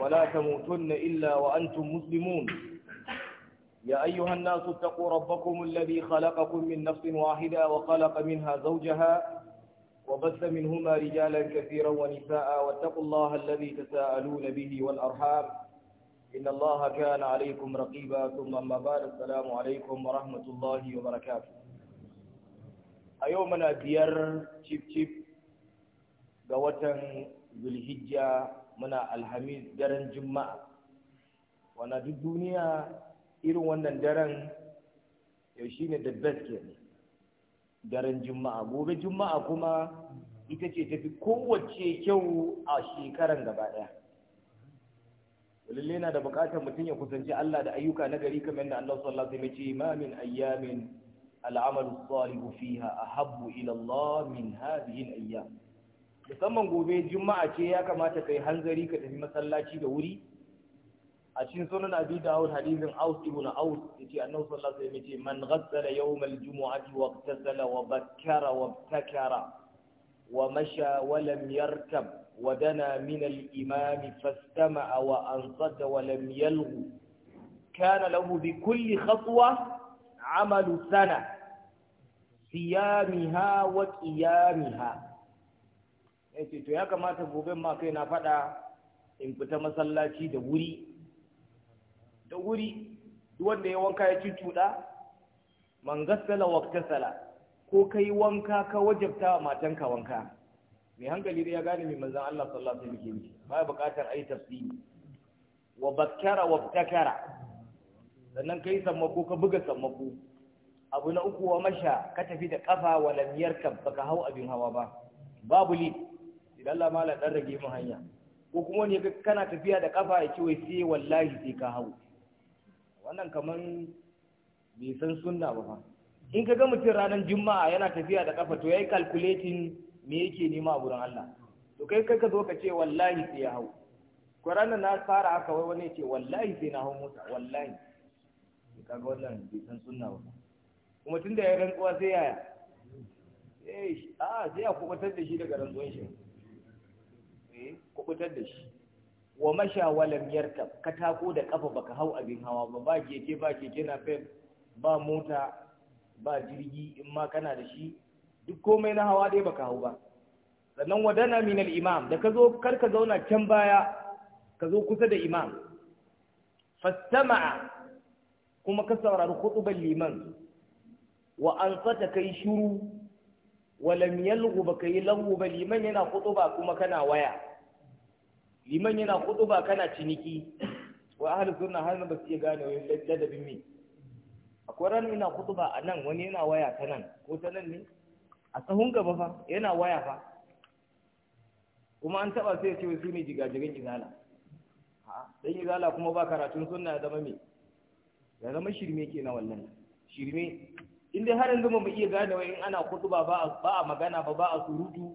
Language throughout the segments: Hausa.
ولا تموتن إلا وأنتم مسلمون يا أيها الناس اتقوا ربكم الذي خلقكم من نفس واحدة وخلق منها زوجها وبث منهما رجالا كثيرا ونساء واتقوا الله الذي تساءلون به والأرحام إن الله كان عليكم رقيبا ثم أما بعد السلام عليكم ورحمة الله وبركاته أيومنا ديار شيب شيب قوة ذو الهجة muna alhamis daren juma'a wana duk duniya irin wannan daren yau shi ne da best ke daren juma'a gobe juma'a kuma ita ce tafi kowace kyau a shekaran gaba ɗaya lalle na da buƙatar mutum ya kusanci Allah da ayyuka na gari kamar da Allah sallallahu alaihi wasallam ya ce ma min ayyamin al'amalu salihu fiha ahabbu ila Allah min hadhihi al-ayyam musamman gobe juma'a ce ya kamata kai hanzari ka tafi masallaci da wuri a cikin sunan abi dawud hadithin aus ibn aus yace annabi sallallahu alaihi wasallam yace man ghassala yawm al-jumu'ati wa ghassala wa bakkara wa ibtakara wa masha wa lam yarkab wa dana min al-imam fastama'a wa ansata wa lam yalghu kana lahu bi kulli khatwa amalu sana siyamiha wa qiyamiha ya ce to ya kamata gobe ma kai na faɗa in fita masallaci da wuri da wuri wanda ya wanka ya cucuɗa man gassala waktasala ko kai wanka ka wajabta wa matanka wanka mai hankali da ya gane mai manzan Allah sallallahu alaihi wasallam ke ba bukatar ai tafsiri wa bakkara wa takara sannan kai sammako ka buga sammako abu na uku wa masha ka tafi da kafa wa lam yarkab baka hau abin hawa ba babu lid dalla mala dan rage mu hanya ko kuma ne kana tafiya da kafa ya ce wai sai wallahi sai ka hawo wannan kaman bai san sunna ba fa in ka ga mutum ranar juma'a yana tafiya da kafa to yayi calculating me yake nema a gurin Allah to kai kai ka zo ka ce wallahi sai ya hau Qur'ani na fara haka wai wani ya ce wallahi sai na hau mota wallahi ka ga wannan bai san sunna ba kuma tunda ya rantsuwa sai yaya eh a ah, sai a kubatar da shi daga rantsuwan shi kubutar da shi wa masha walam yarkab ka tako da kafa baka hau abin hawa ba ba keke ba keke na fem ba mota ba jirgi in ma kana da shi duk komai na hawa dai baka hau ba sannan wadana min al-imam da ka zo kar ka zauna can baya ka zo kusa da imam fastama'a kuma ka saurari khutbal liman wa ansata kai shuru walam yalgu ba yi langu ba liman yana kutuba kuma kana waya liman yana kutuba kana ciniki wa ahli sunna har ba su iya gane wani ladabin me akwai ran ina kutuba a nan wani yana waya ta nan ko ta nan ne a sahun gaba fa yana waya fa kuma an taba sai ya ce su ne jigajigan izala dan izala kuma ba karatun sunna ya zama me ya zama shirme ke na wannan shirme in dai har yanzu mu iya gane wa in ana kutuba ba ba a magana ba ba a surutu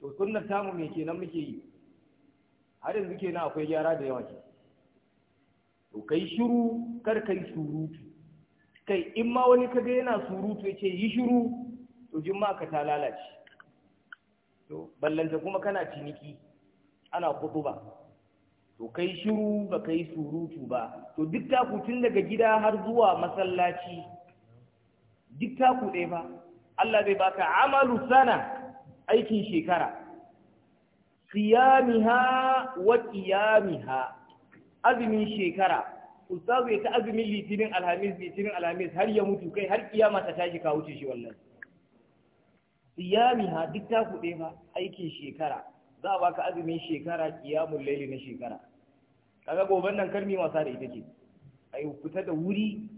to sunnar tamu me kenan muke yi har yanzu kenan akwai gyara da yawa ke to kai shiru kar kai surutu kai in ma wani kaga yana surutu yace yi shiru to jimma ka ta lalace to ballanta kuma kana ciniki ana kutuba to kai shiru ba kai surutu ba to duk takutun daga gida har zuwa masallaci duk taku ɗaya ba Allah zai baka amalu sana aikin shekara siyamiha wa qiyamiha azumin shekara ustazu ya ta azumin litinin alhamis litinin alhamis har ya mutu kai har kiyama ta tashi ka wuce shi wallahi siyamiha duk taku ɗaya ba aikin shekara za a baka azumin shekara kiyamun laili na shekara kaga goben nan kalmi wasa da ita ce ai fita da wuri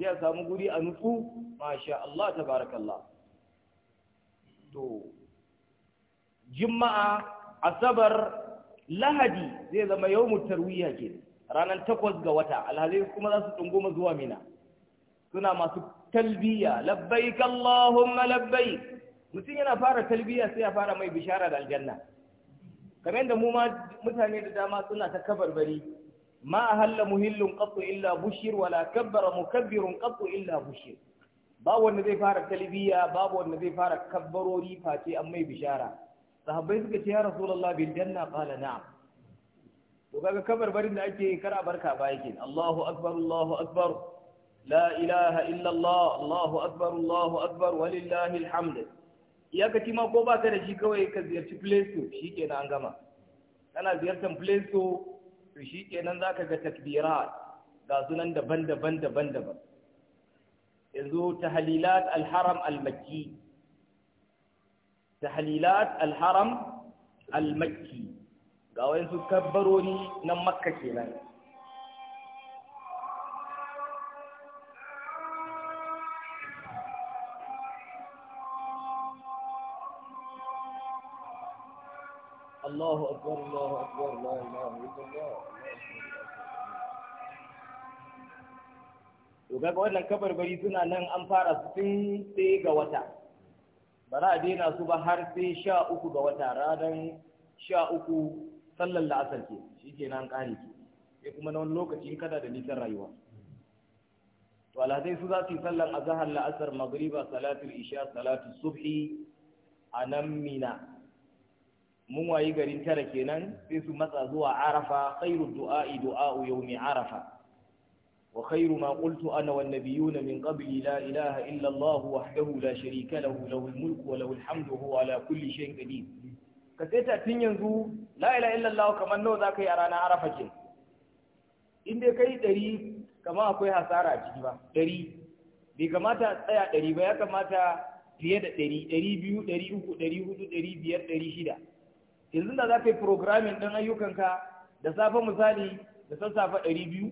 je a samu guri a nutsu masha Allah tabarakallah to juma'a asabar lahadi zai zama yawmut tarwiya ke ranar takwas ga wata alhazai kuma za su dungoma zuwa mina suna masu talbiya labbaik Allahumma labbaik mutum yana fara talbiya sai ya fara mai bishara da aljanna kamar yadda mu ma mutane da dama suna ta kabarbari ma halla muhillin qattu illa bushir wala kabbara mukabbirun qattu illa bushir Babu wanda zai fara talbiya babu wanda zai fara kabbarori face an mai bishara sahabbai suka ce ya rasulullah bil janna qala na'am to kaga kabarbarin da ake kar a barka ba yake Allahu akbar Allahu akbar la ilaha illa Allah Allahu akbar Allahu akbar walillahi alhamd ka ma ko ba ka da shi kawai ka ziyarci play store shikenan an gama kana ziyartar play to shi kenan za ka ga takbirat ga sunan daban-daban daban-daban yanzu tahlilat al-haram al-makki tahlilat al-haram al-makki ga wayansu kabbaroni na makka kenan الله أكبر الله أكبر لا إله إلا الله to kaga wannan kabarbari suna nan an fara su tun sai ga wata ba za a daina su ba har sai sha uku ga wata ranar sha uku sallar la'asar ke shi ke nan ƙari ke sai kuma na wani lokaci kada da nisan rayuwa to alhazai su za su yi a azahar la'asar magriba salatul isha salatul subhi a nan mina mun wayi garin tara kenan sai su matsa zuwa arafa khairu du'a'i du'a'u yawmi arafa wa khairu ma qultu ana wan nabiyuna min qabli la ilaha illa Allah wahdahu la sharika lahu lahul mulku wa lahul hamdu huwa ala kulli shay'in qadir ka sai ta tun yanzu la ilaha illa Allah kamar nawa zaka yi a ranar arafa ke in dai kai dari kamar akwai hasara a ciki ba dari bai kamata tsaya dari ba ya kamata fiye da dari dari biyu dari uku dari hudu dari biyar dari shida yanzu da za ka yi programin ɗin ayyukanka da safe misali da sassafe ɗari biyu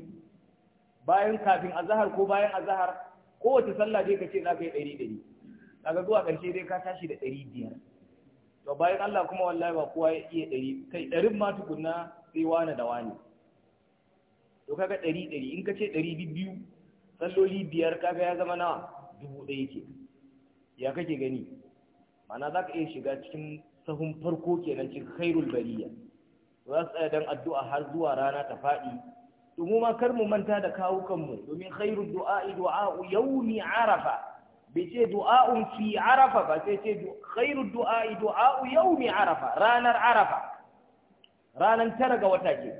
bayan kafin azahar ko bayan azahar kowace sallah dai ka ce za ka yi ɗari ɗari daga zuwa ƙarshe dai ka tashi da ɗari biyar to bayan Allah kuma wallahi ba kowa ya iya ɗari kai ɗarin ma tukunna sai wane da wane to kaga ɗari ɗari in ka ce ɗari biyu salloli biyar kaga ya zama nawa dubu ɗaya ke ya kake gani mana za ka iya shiga cikin sahun farko kenan cikin khairul bariya za su tsaya don addu'a har zuwa rana ta faɗi domin ma kar mu manta da kawukanmu domin khairul du'a'i du'a'u yaumi arafa bai ce du'a'un fi arafa ba sai ce khairul du'a'i du'a'u yaumi arafa ranar arafa ranar tara ga wata ke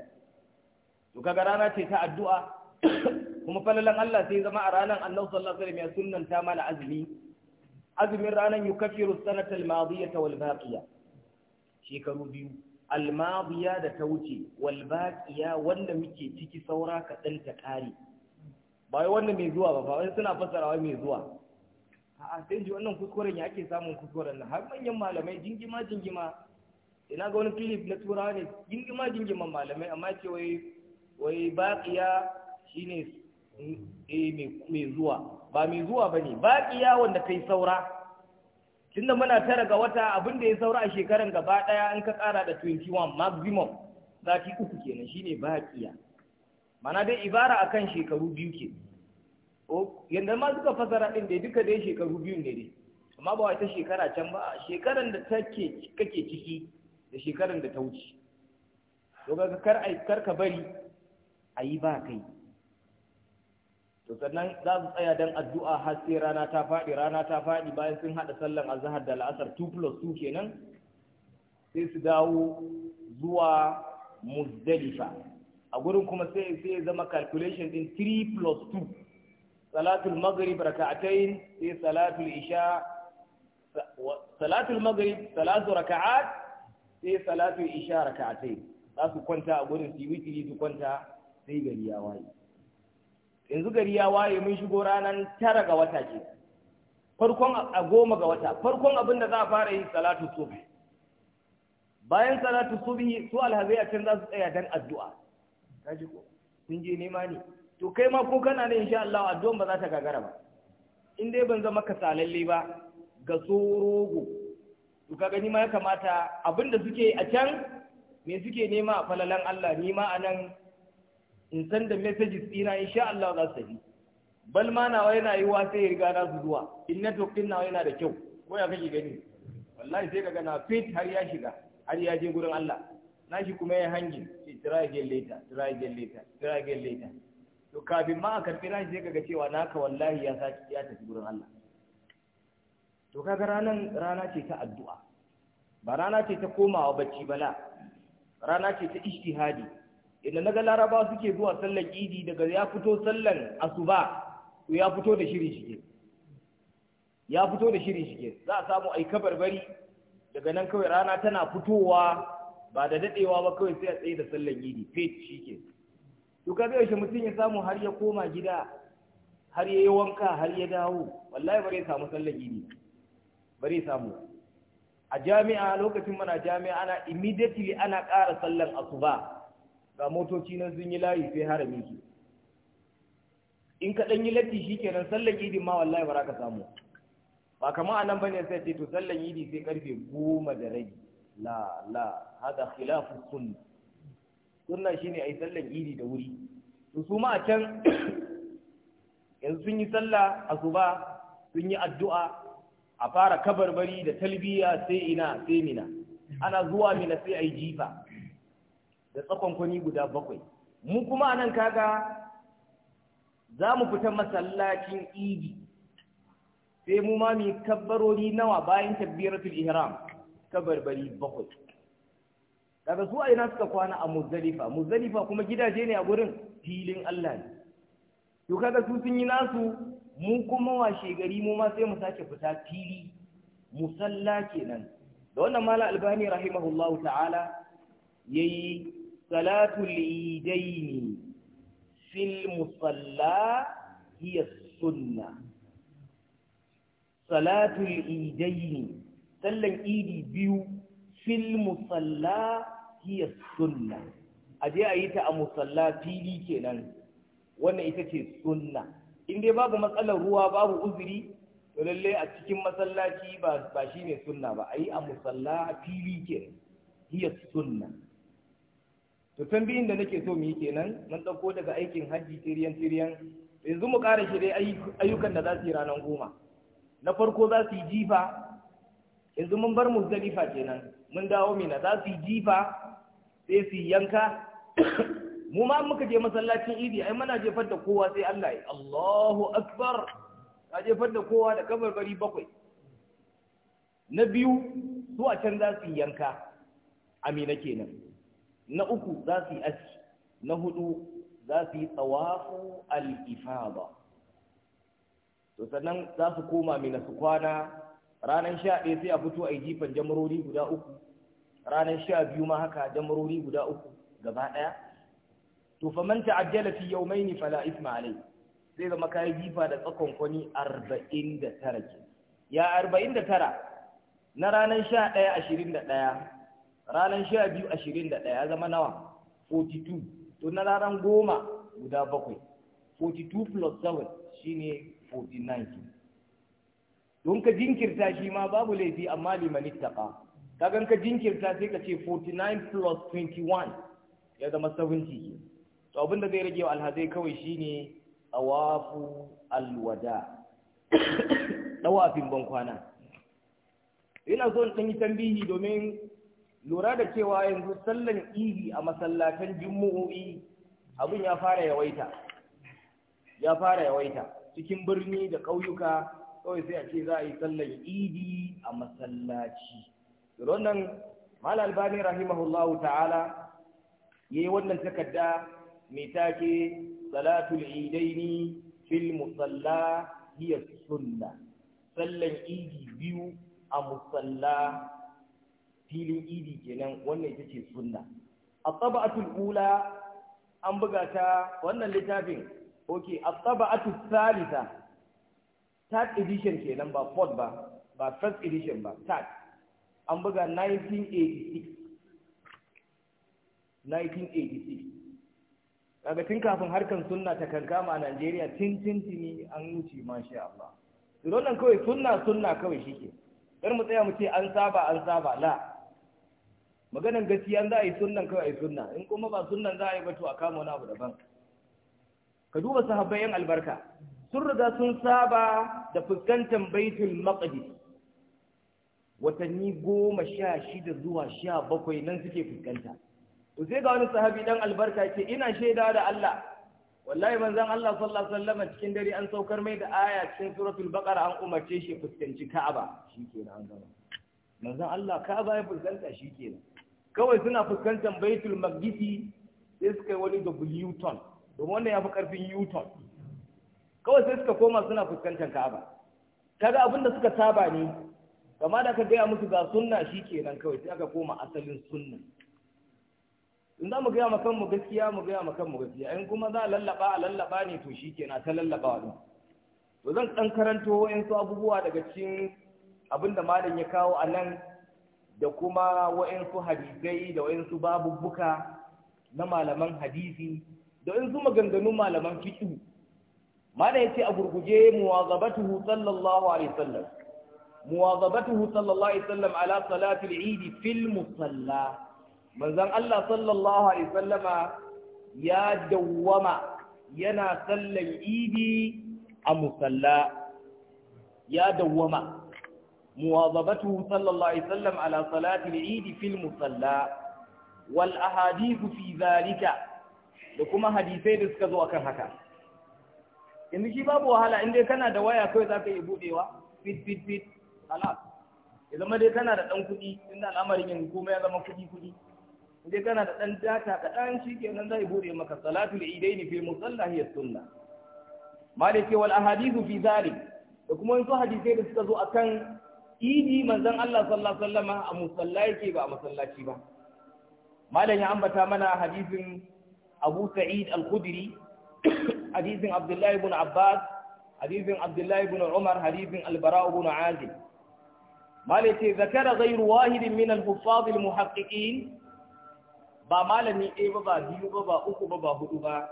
to kaga rana ce ta addu'a kuma falalan Allah sai zama a ranar Allah sallallahu alaihi wasallam ya sunnanta mana azumi azumin ranar yukaffiru sanatal madiyata wal baqiya shekaru biyu almadiya da ta wuce walbaqiya wanda muke ciki saura kaɗan ta ƙare ba wai wanda mai zuwa ba ba wai suna fassara wai mai zuwa a'a sai ji wannan kuskuren ya ake samun kuskuren nan har manyan malamai jingima jingima ina ga wani filif na turawa ne jingima jingima malamai amma ce wai wai baqiya shine eh mai zuwa ba mai zuwa bane baqiya wanda kai saura tunda muna tara ga wata abin da ya saura a shekaran gaba ɗaya in ka ƙara da 21 maximum sati uku kenan shine baƙiya mana dai ibara akan shekaru biyu ke yadda ma suka fasara ɗin dai duka dai shekaru biyu ne dai amma ba wata shekara can ba shekaran da take kake ciki da shekaran da ta wuce to ka bari a yi ba kai to sannan za su tsaya don addu'a har sai rana ta faɗi rana ta faɗi bayan sun haɗa sallar azahar da la'asar 2 plus 2 kenan sai su dawo zuwa muzdalifa a gurin kuma sai sai zama calculation din 3 plus 2 salatul maghrib yi sai salatul isha salatul maghrib salatu raka'at sai salatul isha raka'atain za su kwanta a gurin su yi su kwanta sai gari ya waye yanzu gari ya waye mun shigo ranar tara ga wata ke farkon a goma ga wata farkon abin da za a fara yi salatu subhi bayan salatu subhi su alhazai a can za su tsaya dan addu'a kaji ko sun je nema ne to kai ma ko kana ne insha Allah addu'a ba za ta gagara ba in dai ban zama kasalalle ba ga tsorogo to ka gani ma ya kamata abin da suke a can me suke nema a falalan Allah ni ma anan in san da messages ɗina insha Allah za su tafi bal ma nawa yana yi wa sai ya riga na su zuwa in network ɗin nawa yana da kyau ko ya kake gani wallahi sai kaga na fit har ya shiga har ya je gurin Allah na shi kuma ya hangin sai try again later try again later try again later to kafin ma a karɓi na shi sai kaga cewa naka wallahi ya saki ya tafi gurin Allah to kaga ranan rana ce ta addu'a ba rana ce ta komawa bacci bala rana ce ta ishtihadi idan naga larabawa suke zuwa sallar idi daga ya fito sallar asuba to ya fito da shiri shige ya fito da shiri shige za a samu ai kabarbari daga nan kawai rana tana fitowa ba da dadewa ba kawai sai a tsaye da sallar idi fet shike to kaga yaushe mutum ya samu har ya koma gida har ya yi wanka har ya dawo wallahi bare samu sallar idi bare samu a jami'a lokacin mana jami'a ana immediately ana ƙara sallar asuba ga motoci nan sun yi layi sai harami su in ka ɗan yi latti shi kenan sallan idi ma wallahi ba ka samu ba kama a nan bane sai ce to sallan idi sai karfe goma da rai, la la hada khilafu sunna sunna shine ai sallan idi da wuri to su ma a can yanzu sun yi sallah asuba sun yi addu'a a fara kabarbari da talbiya sai ina sai mina ana zuwa mina sai ai jifa da tsakon kwani guda bakwai mu kuma a nan kaga za mu fita masallacin idi sai mu ma mai kabbarori nawa bayan tabbiratul ihram kabarbari bakwai daga su a ina suka kwana a muzalifa. Muzalifa kuma gidaje ne a gurin filin Allah ne to kaga su sun yi nasu mu kuma wa shegari mu ma sai mu sake fita fili musalla kenan da wannan mala albani rahimahullahu ta'ala yayi Salatu idaini fil musalla hiya sunna salatul idaini sallan idi biyu fil musalla hiya sunna aje ayi ta a musalla fili kenan wannan ita ce sunna in dai babu matsalar ruwa babu uzuri to lalle a cikin masallaci ba ba shine sunna ba ayi a musalla fili kenan hiya sunna to tambayin da nake so mu yi kenan mun ɗauko daga aikin hajji tiriyan tiriyan yanzu mu ƙara shi dai ayyukan da za su yi ranar goma na farko za su yi jifa yanzu mun bar mu muzdalifa kenan mun dawo mina za su yi jifa sai su yi yanka mu ma muka je masallacin idi ai muna jefar da kowa sai Allah ya Allahu akbar ka jefar da kowa da bari bakwai na biyu su a can za su yi yanka amina kenan na uku za su yi aski na hudu za su yi tsawafu al'ifaba to sannan za su koma mina su kwana ranar sha ɗaya sai a fito a yi jifan jamarori guda uku ranar sha biyu ma haka jamarori guda uku gaba ɗaya to faman ajiyar fi yawmaini fala isma alai zai zama kayan jifa da tsakon kwani tara ke ya tara na ranar ashirin da ɗaya? ranar sha biyu ashirin da ɗaya zama nawa 42 to na ranar goma guda bakwai 42 plus 7 ne 49 don ka jinkirta shi ma babu laifi amma limanin ittaqa kagan ka jinkirta sai ka ce 49 plus 21 ya zama 70 to abinda da zai rage wa alhazai kawai shine awafu alwada dawafin bankwana ina so in yi tambihi domin lura da cewa yanzu sallan idi a masallatan jumu'o'i abin ya fara yawaita ya fara yawaita cikin birni da ƙauyuka kawai sai a ce za a yi sallan idi a masallaci wannan mal albani rahimahullahu ta'ala yayi wannan takarda mai take salatul idaini fil musalla hiya sunna sallan idi biyu a musalla filin idi kenan wannan ita ce sunna at-taba'atul ula an buga ta wannan littafin okay at-taba'atul thalitha third edition kenan ba fourth ba ba first edition ba third an buga 1986 1986 daga tun kafin harkan sunna ta kankama a Najeriya tun tuntuni an wuce masha Allah. Su nan kawai sunna sunna kawai shike. Kar mu tsaya mu ce an saba an saba la. maganan gaskiya za a yi sunnan kawai a yi sunna in kuma ba sunnan za a yi ba a kama wani abu daban ka duba sahabbai yan albarka sun riga sun saba da fuskantar baitul maqdis watanni goma sha shida zuwa sha bakwai nan suke fuskanta Ku sai ga wani sahabi dan albarka ce ina shaida da Allah wallahi manzon Allah sallallahu alaihi wasallam cikin dare an saukar mai da aya cikin suratul baqara an umarce shi fuskanci Ka'aba shikenan an gama manzon Allah Ka'aba ya fuskanta shikenan kawai suna fuskantar baitul magdisi sai suka yi wani w ton domin wannan ya fi karfin u ton kawai sai suka koma suna fuskantar ka'aba kaga abin da suka saba ne kama da aka gaya musu ga sunna shi kenan kawai sai aka koma asalin sunna in za mu gaya ma kanmu gaskiya mu gaya ma kanmu gaskiya in kuma za a lallaba a lallaba ne to shi kenan ta lallaba wa to zan ɗan karanto wa'yansu abubuwa daga cikin abin da malam ya kawo a nan da kuma wa'insu hadisai da wa'insu babubbuka na malaman hadisi da wa'insu maganganun malaman fiƙi mana ce a gurguje muwazabatuhu sallallahu alaihi wasallam muwazabatuhu sallallahu alaihi sallam ala salatil eid fil musalla manzon Allah sallallahu alaihi sallama ya dawwama yana sallan idi a musalla ya dawwama مواظبته صلى الله عليه وسلم على صلاة العيد في المصلى والأحاديث في ذلك لكم حديثي رزقزوا أكن هكا إن شي باب وهلا إن كان دوايا كوي ذاك يبوديوا فيت فيت فيت خلاص إذا ما دي كان da dan kudi inda al'amarin yanzu kuma ya zama kudi kudi idan kana da dan data kadan shikenan zai bude maka salatul idaini fil musalla hiya sunnah malike wal ahadithu fi da kuma yanzu hadisai da suka zo kan. idi manzon Allah sallallahu alaihi a musalla yake ba a masallaci ba malam ya ambata mana hadisin Abu Sa'id Al-Khudri hadisin Abdullah ibn Abbas hadisin Abdullah ibn Umar hadisin Al-Bara ibn Azib malam ce zakara ghayru wahidin min al-huffaz al-muhaqqiqin ba malami ne ba ba biyu ba ba uku ba ba hudu ba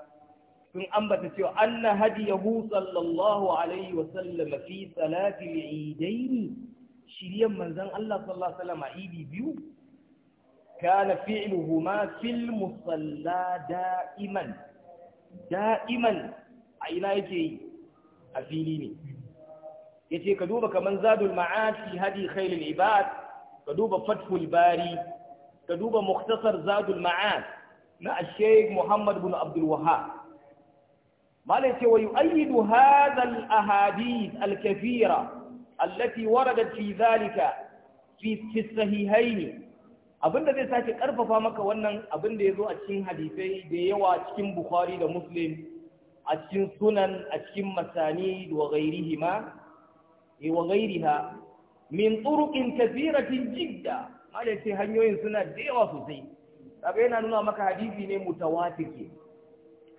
sun ambata cewa anna hadiyahu sallallahu alaihi wa sallam fi salati al-eidaini shiryan manzon Allah sallallahu alaihi wasallam idi biyu kana huma fil musalla da'iman da'iman a ina yake yi a fili ne yace ka duba kamar zadul ma'ad hadi khairul ibad ka duba fathul bari ka duba muktasar zadul ma'ad na sheikh muhammad bin abdul wahhab malai ce wa yu'ayyidu hadha al-ahadith al kafira allati waradat fi zalika fi sahihaini abinda zai sake karfafa maka wannan abin da ya zo a cikin hadisai da yawa cikin bukhari da muslim a cikin sunan a cikin masani wa ghairihima wa ghairiha min turuqin kathiratin jidda Hada ce hanyoyin suna da yawa sosai kaga yana nuna maka hadisi ne mutawatir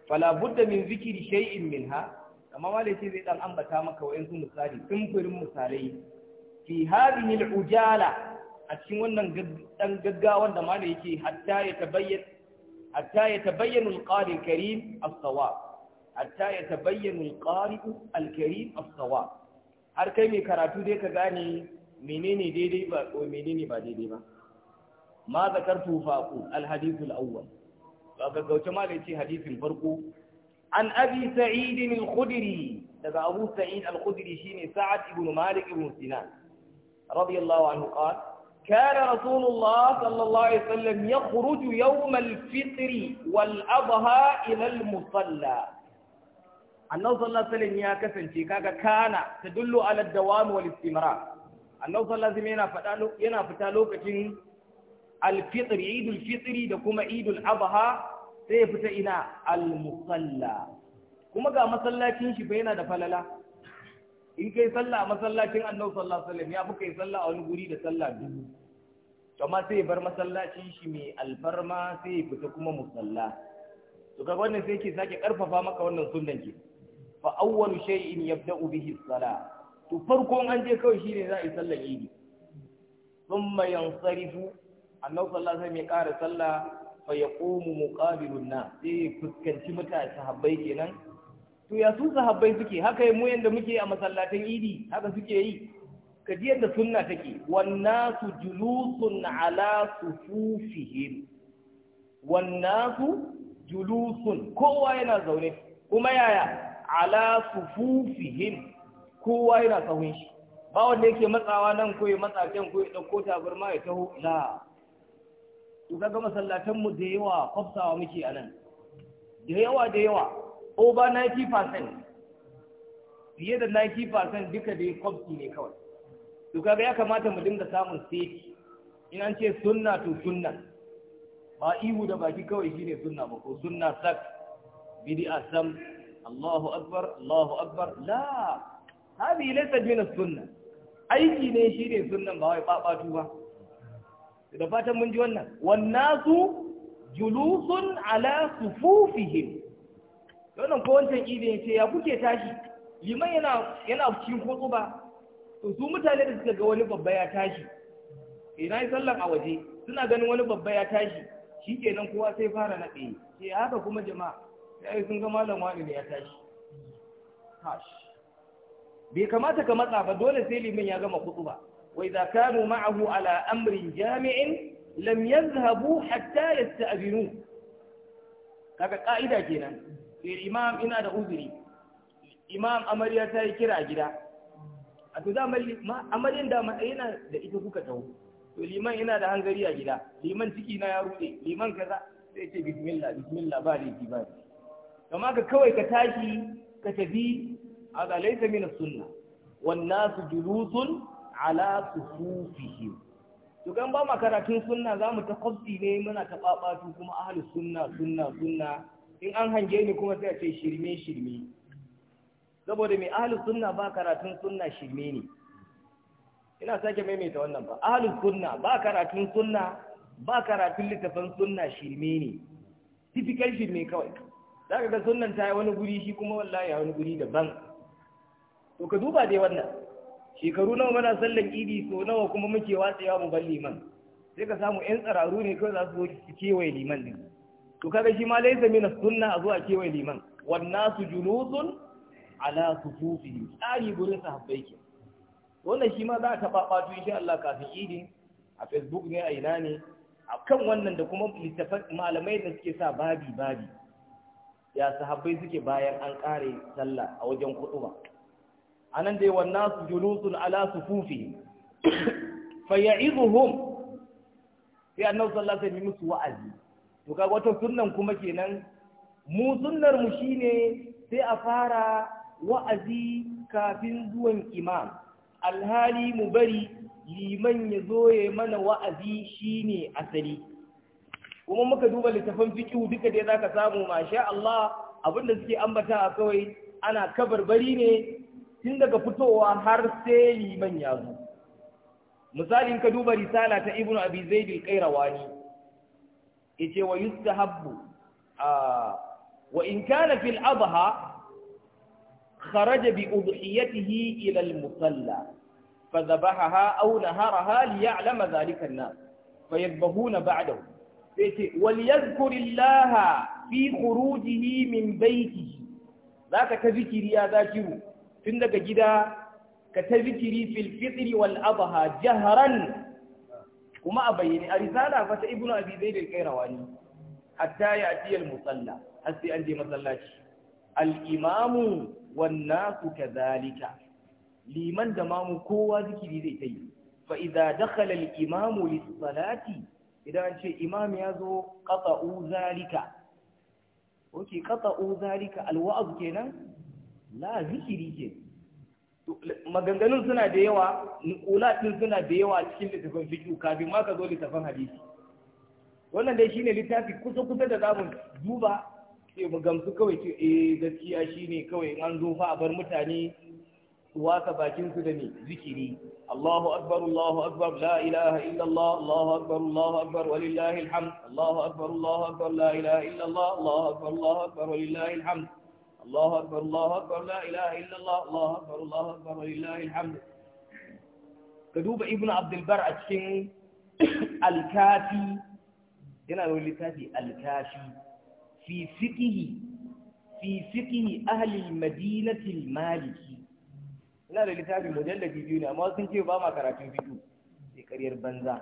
fala budda min zikri shay'in minha amma malaci zai dan ambata maka wayansu misali tumfurin misalai fi hadhihi al-ujala a cikin wannan dan gaggawan da malaci yake hatta ya tabayyan hatta ya tabayyana al-qari karim as-sawab hatta ya tabayyana al-qari al-karim as-sawab har kai mai karatu dai ka gane menene daidai ba ko menene ba daidai ba ma zakartu faqu al-hadith al-awwal ba gaggauce malaci hadisin farko an abi sa'idin al-khudri daga abu sa'id al-khudri shine sa'ad ibn malik ibn sinan radiyallahu anhu qala kana rasulullah sallallahu alaihi wasallam yakhruju yawm al-fitr wal-adha ila musalla annahu sallallahu alaihi wasallam ya kasance kaga kana ta ala ad-dawam wal-istimrar annahu sallallahu alaihi wasallam yana yana fita lokacin alfitri, fitr idul fitri da kuma idul adha sai ya fita ina al-musalla kuma ga masallacin shi bai yana da falala in kai sallah a masallacin annabi sallallahu alaihi wasallam ya fi kai sallah a wani guri da sallah dubu to amma sai bar masallacin shi mai alfarma sai ya fita kuma musalla to kaga wannan sai yake sake karfafa maka wannan sunnan ke fa awwalu shay'in yabda'u bihi as-salah to farkon an je kawai shine za a yi sallar idi thumma yansarifu annabi sallallahu alaihi wasallam ya ƙara sallah fa yaqumu muqabilun na. sai eh, fuskanci mutane sahabbai kenan to ya su sahabbai suke haka mu yanda muke a masallatan idi haka suke yi ka ji yadda sunna take wan nasu julusun ala sufufihim wan nasu julusun kowa yana zaune kuma yaya ala sufufihim kowa yana tsawon shi ba wanda yake matsawa nan ko ya matsa can ko ya dauko tabarma ya taho la to kaga masallatan mu da yawa kwafsawa muke a nan da yawa da yawa over 90% fiye da 90% duka dai kwafsi ne kawai to kaga ya kamata mu dinga samun seti in an ce sunna to sunna ba ihu da baki kawai shine sunna ba ko sunna sak bidi sam Allahu akbar Allahu akbar la hadi laysa min as-sunnah aiki ne shine sunnan ba wai babatu ba da fatan mun ji wannan wannasu julusun ala sufufihim wannan ko wancan idin ce ya kuke tashi liman yana yana cikin kutuba to su mutane da suka ga wani babba ya tashi ina eh, yi sallan a waje suna ganin wani babba ya tashi shi kowa sai fara naɗe sai eh, haka kuma jama'a sai sun ga malam wani ya tashi tashi bai kamata ka matsa ba dole sai liman ya gama ba وإذا كانوا معه على أمر جامع لم يذهبوا حتى يستأذنوه kaga ka'ida kenan imam ina da uzuri imam amarya ta yi kira gida a to za amaryan da yana da ita kuka taho to liman ina da hangari a gida liman ciki ya rude liman kaza sai ce bismillah bismillah ba laifi ba ka kawai ka tashi ka tafi a sunna wan nasu ala sufufihim to kan ba makaratun sunna zamu ta kwabti ne muna ta babatu kuma ahli sunna sunna sunna in an hange ni kuma sai a ce shirme shirme saboda mai ahli sunna ba karatun sunna shirme ne ina sake maimaita wannan ba ahli sunna ba karatun sunna ba karatun littafin sunna shirme ne typical shirme kawai zaka ga sunnan ta yi wani guri shi kuma wallahi ya wani guri daban to ka duba dai wannan shekaru nawa muna sallan idi so nawa kuma muke watsewa mu bar liman sai ka samu yan tsararu ne kawai za su su kewaye liman din to kaga shi ma laisa min sunna a zo a kewaye liman wan nasu julusun ala sufufi tsari gurin sahabbai ke wannan shi ma za ka babato insha Allah kafin idi a facebook ne a ina ne A kan wannan da kuma littafan malamai da suke sa babi babi ya sahabbai suke bayan an kare sallah a wajen kutuba anan dai wannan su julusun ala sufufi fa ya'iduhum sai annabu sallallahu alaihi wasallam musu wa'azi to kaga wata sunnan kuma kenan mu sunnar mu shine sai a fara wa'azi kafin zuwan imam alhali mu bari liman ya zo ya mana wa'azi shine asali kuma muka duba littafin fiqh duka dai zaka samu masha Allah abinda suke ambata kawai ana kabarbari ne tun daga fitowa har sai liman ya zo misali ka duba risala ta ibnu abi zaid al-qayrawani yace wa yustahabbu wa in kana fil adha kharaja bi udhiyatihi ila al-musalla fadhabahaha aw naharaha liya'lama dhalika an-nas fayadhbahuna ba'dahu yace wal yadhkurillaha fi khurujihi min baytihi zaka ka zikiri ya zakiru tun daga gida ka ta zikiri fil fitri wal jahran kuma a bayyane a risala fa ta ibnu abi zaid al qayrawani hatta ya'ti al musalla har sai an je masallaci al imamu wan nasu zalika. liman da mamu kowa zikiri zai ta yi fa idza dakhala imamu lis salati idan an ce imam ya zo qata'u zalika oke qata'u zalika al kenan la zikiri ke maganganun suna da yawa nukulatin suna da yawa cikin littafin fiƙi kafin ma ka zo littafin hadisi wannan dai shine littafi kusa kusa da zamu duba sai mu gamsu kawai ce eh gaskiya shine kawai an zo fa a bar mutane waka bakin su da ni zikiri Allahu akbar Allahu akbar la ilaha illa Allah Allahu akbar Allahu akbar walillahi alhamd Allahu akbar Allahu akbar la ilaha illa Allah Allahu akbar Allahu akbar walillahi alhamd الله أكبر الله أكبر لا إله إلا الله الله أكبر الله أكبر ولله الحمد كدوب ابن عبد البر أتشين الكافي هنا يقول الكافي الكافي في فقه في فقه أهل المدينة المالكي هنا للكافي مجلد بيونا ما سنتي وباما كراتين فيديو في كرير بنزا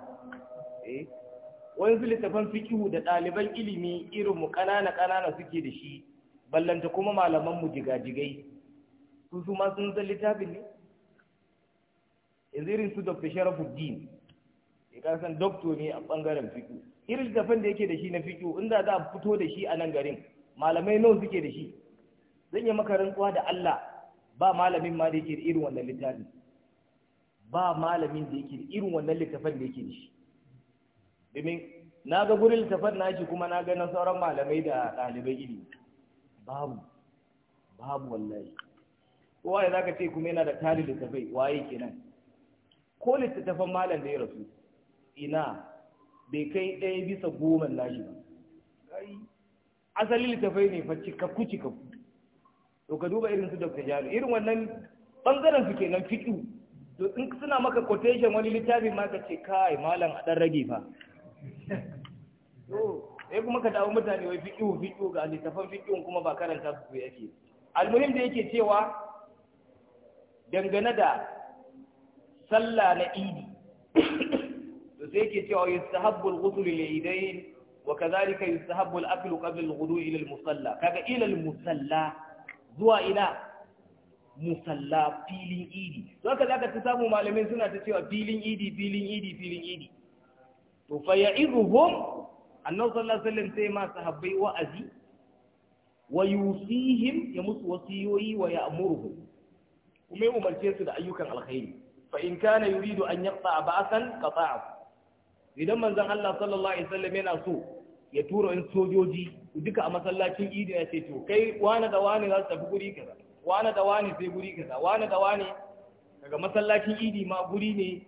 إيه wani su littafan fikihu da ɗaliban ilimi irin mu ƙanana ƙanana suke da shi ballanta kuma malaman mu jigajigai su su ma sun san littafin ne yanzu irin su dr sharafuddin ya kasan doktor ne a bangaren fiƙo irin littafin da yake da shi na fiƙo in za a fito da shi a nan garin malamai nawa suke da shi zan yi maka rantsuwa da Allah ba malamin ma da yake da irin wannan littafin ba malamin da yake da irin wannan littafin da yake da shi domin na ga gurin littafin shi kuma na ga na sauran malamai da ɗalibai ilimi babu babu wallahi kowa ya zaka ce kuma yana da tari littafai waye kenan ko littattafan malam da ya rasu ina bai kai ɗaya bisa goma lashi ba asali littafai ne fa cikakku cikakku to ka duba irin su Dr. Jami. irin wannan bangaren su kenan fiƙi to in suna maka quotation wani littafin ma ka ce kai malam a dan rage fa sai kuma ka dawo mutane wai fiƙihu fiƙihu ga littafan fiƙihun kuma ba karanta su yake almuhim da yake cewa dangane da sallah na idi to sai yake cewa yustahabbu al-ghusl lil-idayn wa kadhalika yustahabbu al-aklu qabla al ila musalla kaga ila musalla zuwa ila musalla filin idi to haka ka ta samu malamin suna ta cewa filin idi filin idi filin idi to fa ya'iduhum annabi sallallahu alaihi wasallam sai ma sahabbai wa'azi wa yusihim ya musu wasiyoyi wa ya'muruhum kuma ya umarce su da ayyukan alkhairi fa in kana yuridu an yaqta ba'san qata'a idan manzon Allah sallallahu alaihi wasallam yana so ya tura in sojoji duka a masallacin idi ya ce to kai wani da wani za su tafi guri kaza wani da wani sai guri kaza wani da wani daga masallacin idi ma guri ne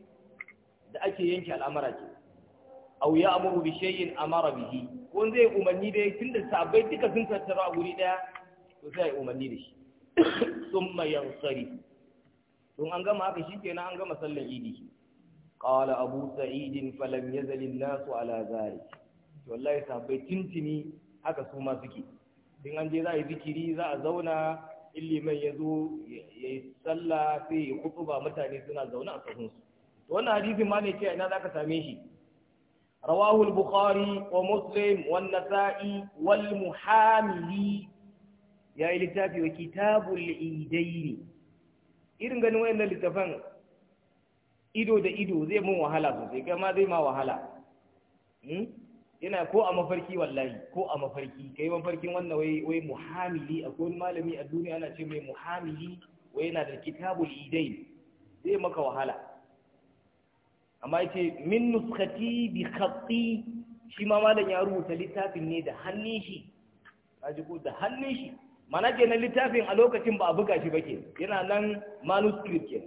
da ake yanke al'amara ke aw amuru bi shay'in amara bihi ko zai umarni da tunda sabai duka sun tattara a guri daya to sai umarni da shi thumma yansari tun an gama haka shikenan an gama sallar idi qala abu sa'id falam yazal an-nas ala zalik wallahi sabai tintini haka su ma suke din an je za a yi zikiri za a zauna illiman ya zo ya yi sallah sai ya mutane suna zaune a sahunsu wannan hadisin ma ne ke ina za ka same shi رواه البخاري ومسلم والنسائي والمحاملي يا إلتافي وكتاب الإيدين إذن قالوا وين لتفن إدو دا إدو زي مو وهلا زي كما زي ما وهلا yana ko a mafarki wallahi ko a mafarki kai mafarkin wannan wai wai muhamili akwai malami a duniya ana ce mai muhamili wai yana da kitabul idain zai maka wahala amma yace min nuskhati bi khatti shi ma malam ya rubuta littafin ne da hannun shi kaji ko da hannun shi mana kenan littafin a lokacin ba a buga shi ba ke yana nan manuscript ke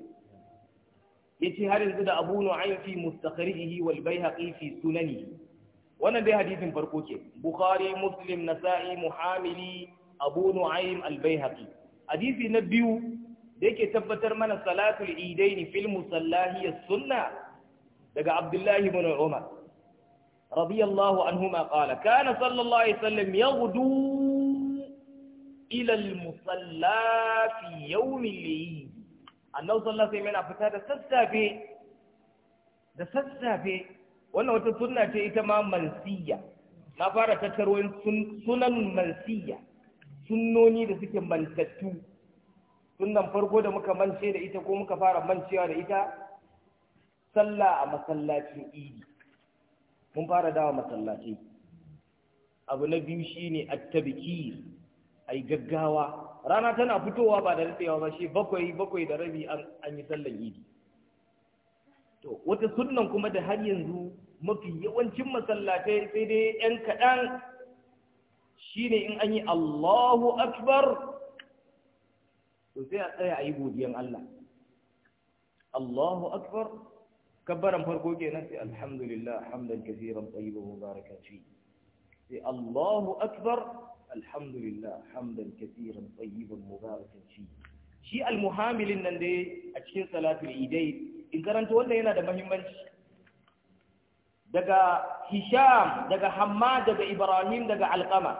yace har yanzu da Abu Nu'aym fi mustakhrijihi wal Baihaqi fi sunanihi wannan dai hadisin farko ke Bukhari Muslim Nasa'i Muhamili Abu Nu'aym al Baihaqi hadisi na biyu da yake tabbatar mana salatul idaini fil musallahi sunnah daga abdullahi ibn umar radiyallahu anhuma qala kana sallallahu alaihi wasallam yaghdu ila al-musalla fi yawm al-eid annabi sallallahu alaihi wasallam fita da sassafe da sassafe wannan wata sunna ce ita ma mansiya na fara tattaro sunan mansiya sunnoni da suke mantattu sunan farko da muka mance da ita ko muka fara mancewa da ita sallah a masallacin idi mun fara dawa masallatai abu na biyu shine at-tabkir ai gaggawa rana tana fitowa ba da rufewa ba shi bakwai bakwai da rabi an yi sallan idi to wata sunnan kuma da har yanzu mafi yawancin masallatai sai dai yan kaɗan shine in an yi Allahu akbar to sai a tsaya a yi godiyan Allah Allahu akbar كبر كبرم فرقو كي الحمد لله حمدا كثيرا طيبا مباركا فيه الله أكبر الحمد لله حمدا كثيرا طيبا مباركا فيه شيء المحامل إن دي أشكين صلاة العيدين إن كان تولى هنا ده مهم daga هشام daga حماد daga إبراهيم daga Alqama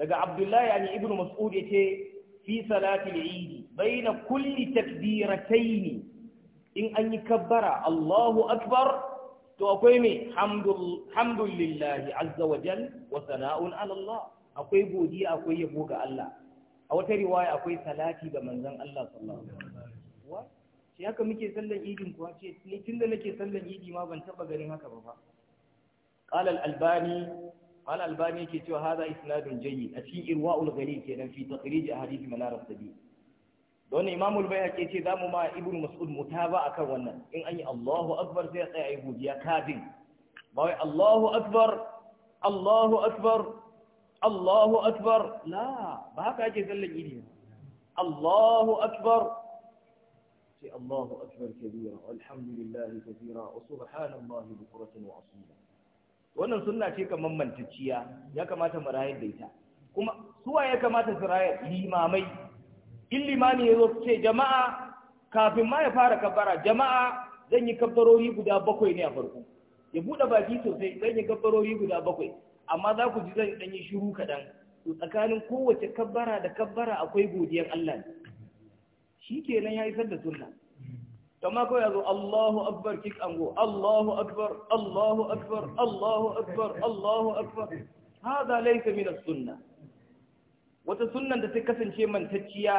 daga عبد الله يعني Mas'ud yace fi salati al-Eid baina kulli takbiratayn in an yi kabbara Allahu akbar to akwai me hamdulillahi azza wa jal wa sana'un ala Allah akwai godiya akwai yabo ga Allah a wata riwaya akwai salati ga manzon Allah sallallahu alaihi wasallam shi haka muke sallan idin kuwa ce ni tunda nake sallan idi ma ban taba ganin haka ba fa qala al-albani qala al-albani yake cewa hadha isnadun jayyid a cikin irwaul ghalib kenan fi taqrij ahadith manar sabil don imamul bayhaqi ce za mu ma ibn mas'ud ba akan wannan in an yi Allahu akbar sai tsaya yi godiya kadin ba wai Allahu akbar Allahu akbar Allahu akbar la ba haka ake sallan idi Allahu akbar sai Allahu akbar kabira alhamdulillah kabira wa subhanallahi bukratan wa asila wannan sunna ce kamar mantacciya ya kamata mu rayar da ita kuma suwa ya kamata su rayar limamai in limami ya zo ce jama'a kafin ma ya fara kabbara jama'a zan yi kabbarori guda bakwai ne a farko ya buɗe baki sosai zan yi kabbarori guda bakwai amma za ku ji zan ɗan yi shiru kaɗan to tsakanin kowace kabbara da kabbara akwai godiyar Allah ne shi kenan ya isar da sunna ma kawai ya zo Allahu akbar kik ango Allahu akbar Allahu akbar Allahu akbar Allahu akbar hada laysa min as-sunnah wata sunnan da ta kasance mantacciya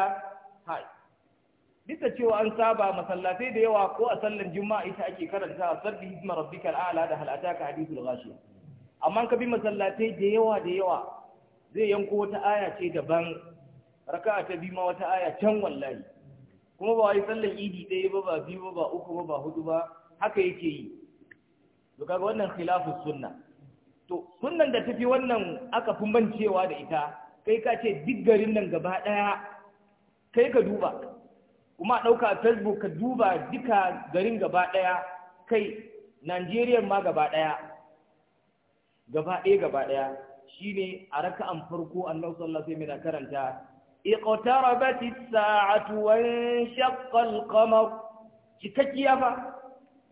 hai duk cewa an saba masallatai da yawa ko a sallan juma'a ita ake karanta sabbi hisma rabbikal a'la da hal ataka hadithul ghashiya amma ka bi masallatai da yawa da yawa zai yanko wata aya ce daban raka'a ta bi ma wata aya can wallahi kuma ba wai sallan idi ɗaya ba ba biyu ba ba uku ba hudu ba haka yake yi to kaga wannan khilafus sunna to sunnan da tafi wannan aka fi da ita kai ka ce duk garin nan gaba ɗaya kai ka duba kuma ɗauka facebook ka duba duka garin gaba ɗaya kai Najeriya ma gaba ɗaya gaba ɗaya gaba ɗaya shine a raka'an farko Allah sallallahu alaihi wasallam karanta iqtarabat as-sa'atu wa shaqqa al-qamar cikakkiya fa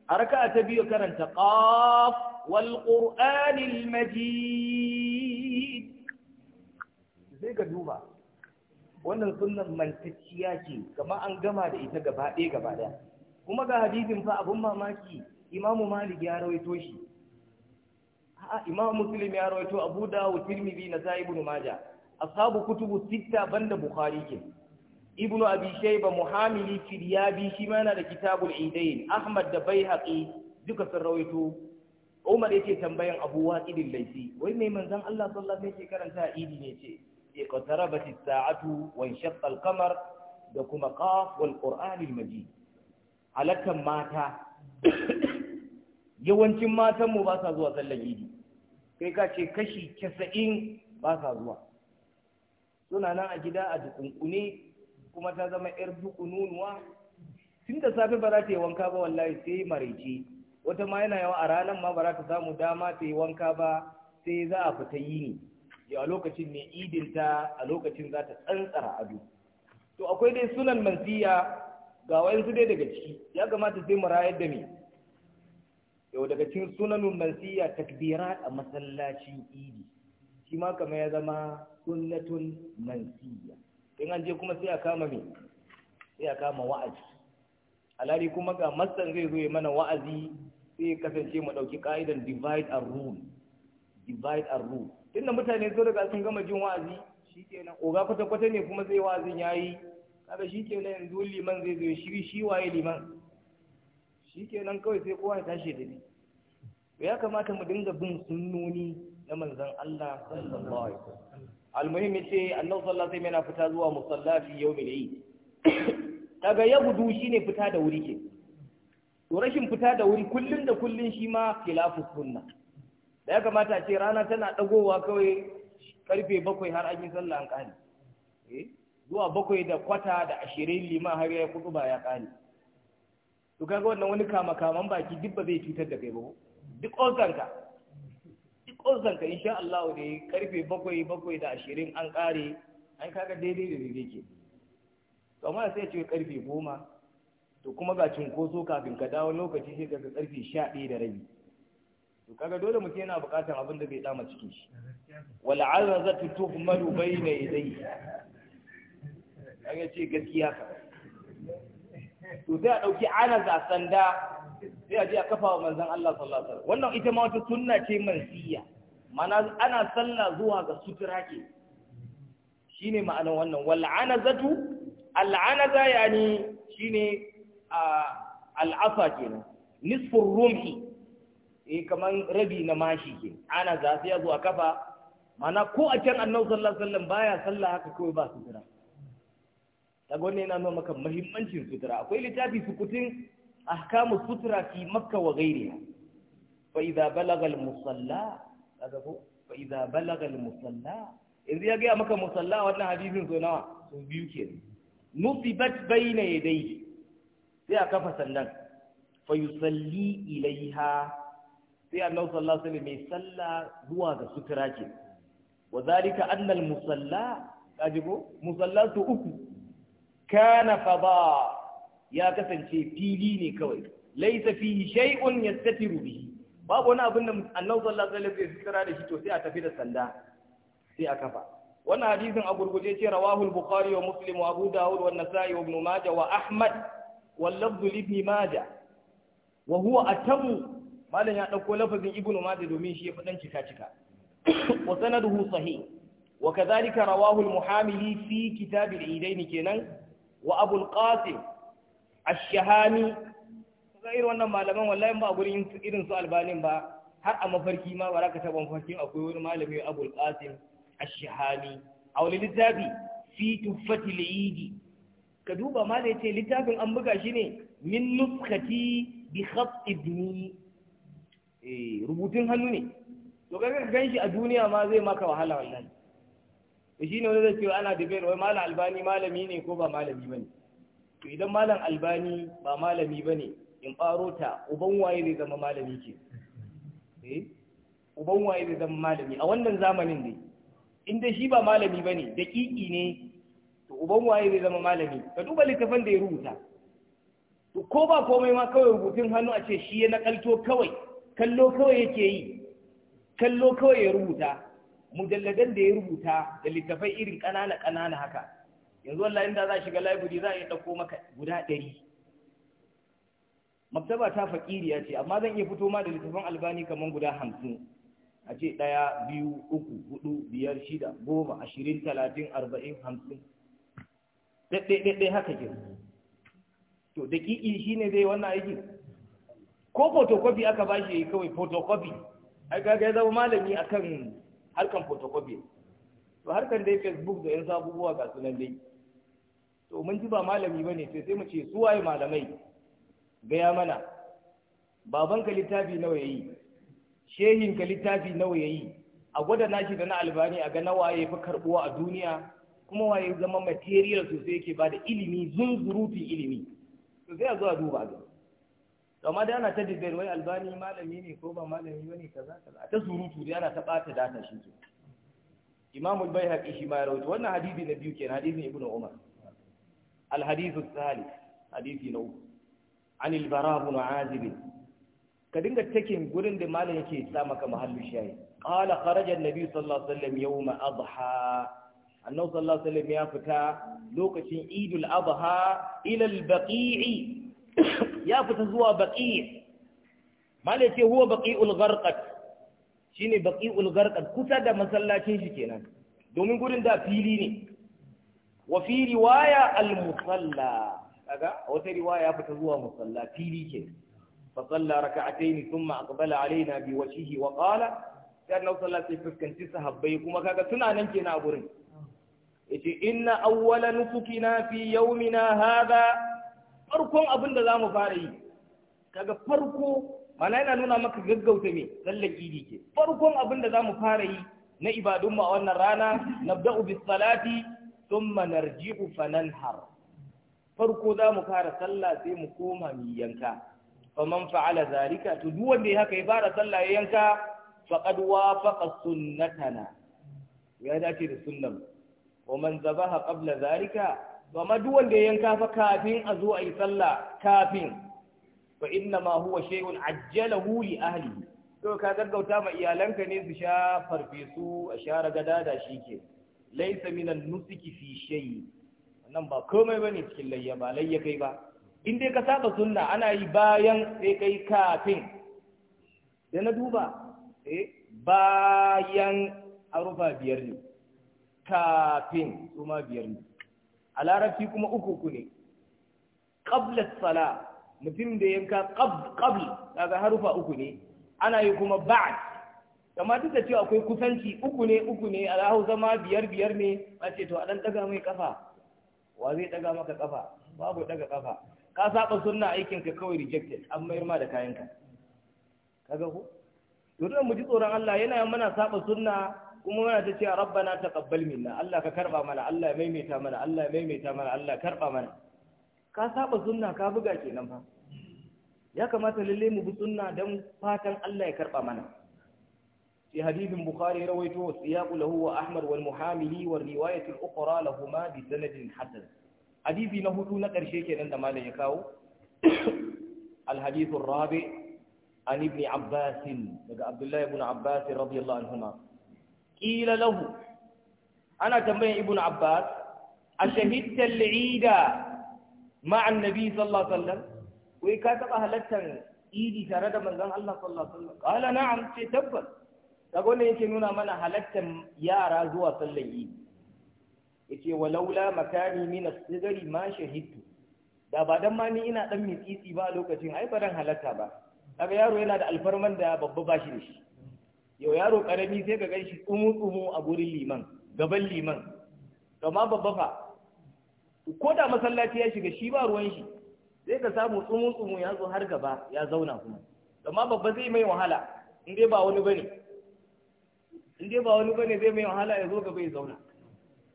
a raka'a ta biyu karanta qaf wal qur'anil majid sai ka duba wannan sunan mantacciya ce kama an gama da ita gaba ɗaya gaba ɗaya kuma ga hadisin fa abun mamaki imamu malik ya rawaito shi a imamu muslim ya rawaito abu dawud tirmidhi na sa ibnu maja ashabu kutubu sitta banda bukhari ke ibnu abi shayba muhamili firyabi shi ma yana da kitabul idain ahmad da baihaqi duka sun rawaito umar yake tambayan abu waqidil laifi. wai mai manzon Allah sallallahu alaihi wasallam yake karanta idi ne ce اقتربت الساعة وانشق القمر دكما قاف والقرآن المجيد Maji. كم ماتا yawancin matanmu ba sa zuwa sallar idi kai ka ce kashi casa'in ba sa zuwa suna nan a gida a dukunkune kuma ta zama yar dukununuwa tun da safe ba za yi wanka ba wallahi sai maraice wata ma yana yawa a ranar ma ba za ta samu dama ta yi wanka ba sai za a fita yini Yau a lokacin ne idinta a lokacin za ta tsantsara ado to akwai dai sunan manziya ga wayansu dai daga ciki ya kamata sai mu rayar da me yau daga cikin sunanun mansiya takbira a masallacin idi shi ma kama ya zama sunnatun mansiya in an je kuma sai a kama me sai a kama wa'azi alhali kuma ga masan zai zo ya mana wa'azi sai kasance mu ɗauki ka'idan divide and rule divide and rule inda mutane sun riga sun gama jin wa'azi shikenan oga kwata kwata ne kuma zai wa'azin yayi kaga shikenan yanzu liman zai zo shiri shi waye liman shikenan kawai sai kowa ya tashi da ni ya kamata mu dinga bin sunnoni na manzon Allah sallallahu alaihi wasallam almuhim ce Allah sallallahu alaihi wasallam fita zuwa musallafi yawmil eid kaga ya gudu shine fita da wuri ke to rashin fita da wuri kullun da kullun shi ma khilafu sunnah da ya kamata a ce rana tana ɗagowa kawai karfe bakwai har an yi sallah an kare eh, zuwa bakwai da kwata da ashirin liman har ya kudu ba ya ƙari to kaga wannan wani kama kaman baki duk ba zai cutar da kai ba duk ozanka duk ozanka insha Allah ne karfe bakwai bakwai da ashirin an ƙare an kaga daidai da daidai ke to amma sai ce karfe goma to kuma ga cinkoso kafin ka dawo lokaci sai ka ga karfe sha ɗaya da rabi to kaga dole mutum yana buƙatar abin da bai dama cikin shi wal azazatu tuhmalu bayna yadayhi kaga ce gaskiya ka to sai a dauki anaza sanda sai a je a kafa wa manzon Allah sallallahu alaihi wasallam wannan ita ma wata sunna ce mansiya mana ana sallah zuwa ga sutura ke shine ma'anar wannan wal anazatu al anaza yani shine al'afa kenan nisfur rumhi eh kaman rabi na mashi ke ana za su yazo a kafa mana ko a can annabi sallallahu alaihi wasallam baya sallah haka kawai ba su sutura kaga gonne na nuna maka muhimmancin sutura akwai littafi sukutin ahkamu sutura fi makka wa ghairiha fa idza balagha al musalla kaga ko fa idza balagha al musalla yanzu ya ga maka musalla wannan hadisin so nawa so biyu kenan nusibat bayna yadayhi sai a kafa sandan fa yusalli ilaiha sai Allah sallallahu alaihi wasallam mai sallah zuwa ga sutura ce wa zalika anna al musalla kajibo musallatu uku kana fada ya kasance fili ne kawai laysa fihi shay'un yastatiru bihi babu wani abin da Allah sallallahu alaihi wasallam zai sutura da shi to sai a tafi da sanda sai a kafa wannan hadisin a gurguje ce rawahu al-bukhari wa muslim wa abu dawud wa nasai wa ibn majah wa ahmad wa lafdh li ibn majah wa huwa malam ya ɗauko lafazin ibnu majah domin shi ya fi ɗan cika cika wa sanaduhu sahih wa kadhalika rawahu al-muhamili fi kitab al-idain kenan wa abu al-qasim ash-shahami irin wannan malaman wallahi ba a gurin irin su albanin ba har a mafarki ma ba za ka taɓa mafarkin akwai wani malami abu al-qasim ash-shahami a wani littafi fi tuffati al-idi ka duba ma ce yace littafin an buga shi ne min nuskati bi khat ibni Eh, rubutun hannu ne to ga ka ganshi a duniya ma zai maka wahala wallahi to shine wanda zai ce ana debate wai malam albani malami ne ko ba malami bane to idan malam albani ba malami bane in faro ta uban waye zai zama malami ke eh uban waye zai zama malami a wannan zamanin dai in dai shi ba malami bane daƙiƙi ne to uban waye zai zama malami ka duba littafin da ya rubuta ko ba komai ma kawai rubutun hannu a ce shi ya nakalto kawai kallo kawai yake yi kallo kawai ya rubuta mujalladan da ya rubuta da littafai irin ƙanana ƙanana haka yanzu wallahi inda za shiga library za a yi ɗauko maka guda ɗari maktaba ta ya ce amma zan iya fito ma da littafin albani kamar guda hamsin a ce ɗaya biyu uku hudu biyar shida goma ashirin talatin arba'in hamsin ɗaiɗaiɗaiɗai haka ke to daƙiƙi shi ne zai wannan aikin? ko photocopy aka bashi yayi kawai photocopy ai ga ya zama malami akan harkan photocopy to harkan dai facebook da 'yan abubuwa ga sunan dai to mun ji ba malami bane sai sai mu ce su waye malamai gaya mana baban ka littafi nawa yayi ka littafi nawa yayi a gwada nashi da na albani a ga nawa ya fi karbuwa a duniya kuma waye zama material sosai yake bada ilimi zunzurutun ilimi to sai a zo a duba gani amma da ana ta dibbe wai albani malami ne ko ba malami bane kaza kaza ta surutu da ana ta bata data shi ke imamu al-baihaqi shi ma rawaito wannan hadisi na biyu kenan hadisin ibnu umar al-hadithu thalith hadisi na uku an al-bara ibn azib ka dinga takin gurin da malam yake sa maka mahallu shayi qala kharaja an-nabi sallallahu alaihi wasallam yawma adha annabi sallallahu alaihi wasallam ya fita lokacin idul adha ila al-baqi'i ya fita zuwa baƙi. malai ce huwa baqiul Shi ne baƙi gharqat kusa da masallacin shi kenan domin gudun da fili ne wa fi riwaya al musalla kaga wata riwaya fita zuwa musalla fili kenan fa salla rak'atayn thumma aqbala alaina bi wajhihi wa qala sai Allah sallallahu alaihi fuskanci sahabbai kuma kaga suna nan kenan a gurin yace inna awwala nusukina fi yawmina hadha farkon abin da za mu fara yi kaga farko mana yana nuna maka gaggauta me sallar idi ke farkon abin da za mu fara yi na mu a wannan rana nabda'u bis salati thumma narji'u fananhar farko za mu fara sallah sai mu koma mu yanka man fa'ala zalika to duk wanda ya haka ya fara sallah ya yanka faqad wafaqa sunnatana ya dace da sunnan wa man zabaha qabla zalika ba madu wanda ya kafa kafin a zo a yi sallah kafin fa inna ma huwa shay'un ajjalahu li ahli to ka gaggauta ma iyalanka ne su sha farfesu a share gada da shike laysa minan nusuki fi shay nan ba komai bane cikin layya ba layya kai ba in ka saba sunna ana yi bayan sai kai kafin da na duba eh bayan arufa biyar ne kafin kuma biyar ne a larabci kuma uku ku ne qabla sala mutum da yanka qabl Kaga harufa uku ne ana yi kuma ba'd amma duk da cewa akwai kusanci uku ne uku ne a hausa biyar biyar ne a ce to a dan daga mai kafa wa zai daga maka kafa babu daga kafa ka saba sunna aikin ka kawai rejected an mayar ma da kayanka kaga ko to mu ji tsoron Allah yana mana saba sunna kuma muna ta na rabbana taqabbal minna Allah ka karɓa mana Allah maimaita mana Allah maimaita mana Allah karɓa mana ka saba sunna ka buga kenan fa ya kamata lalle mu bi sunna dan fatan Allah ya karba mana في حديث البخاري رويته والسياق له وأحمد والمحامل والرواية الأخرى لهما na حسن na نهدو نقر شيكي عندما لا يكاو الحديث الرابع عن ابن عباس عبد الله بن عباس رضي الله عنهما Kila lahu ana tambayan ibn abbas a shahidtar li'ida ma'an nabi sallallahu alaihi wasallam wai ka taɓa halattar idi tare da manzon Allah sallallahu alaihi wasallam qala na'am ce tabbas kaga wannan yake nuna mana halattar yara zuwa sallar idi yace walaula makani min as-sigari ma shahidtu da ba dan ma ni ina dan mitsitsi ba a lokacin ai ba dan halatta ba kaga yaro yana da alfarman da babba ba shi da shi yau yaro karami sai ka ganshi tsumu tsumu a gurin liman gaban liman Gama babba fa ko da masallaci ya shiga shi ba ruwan shi sai ka samu tsumu tsumu ya zo har gaba ya zauna kuma Gama babba zai mai wahala in dai ba wani bane in dai ba wani bane zai mai wahala ya zo gaba ya zauna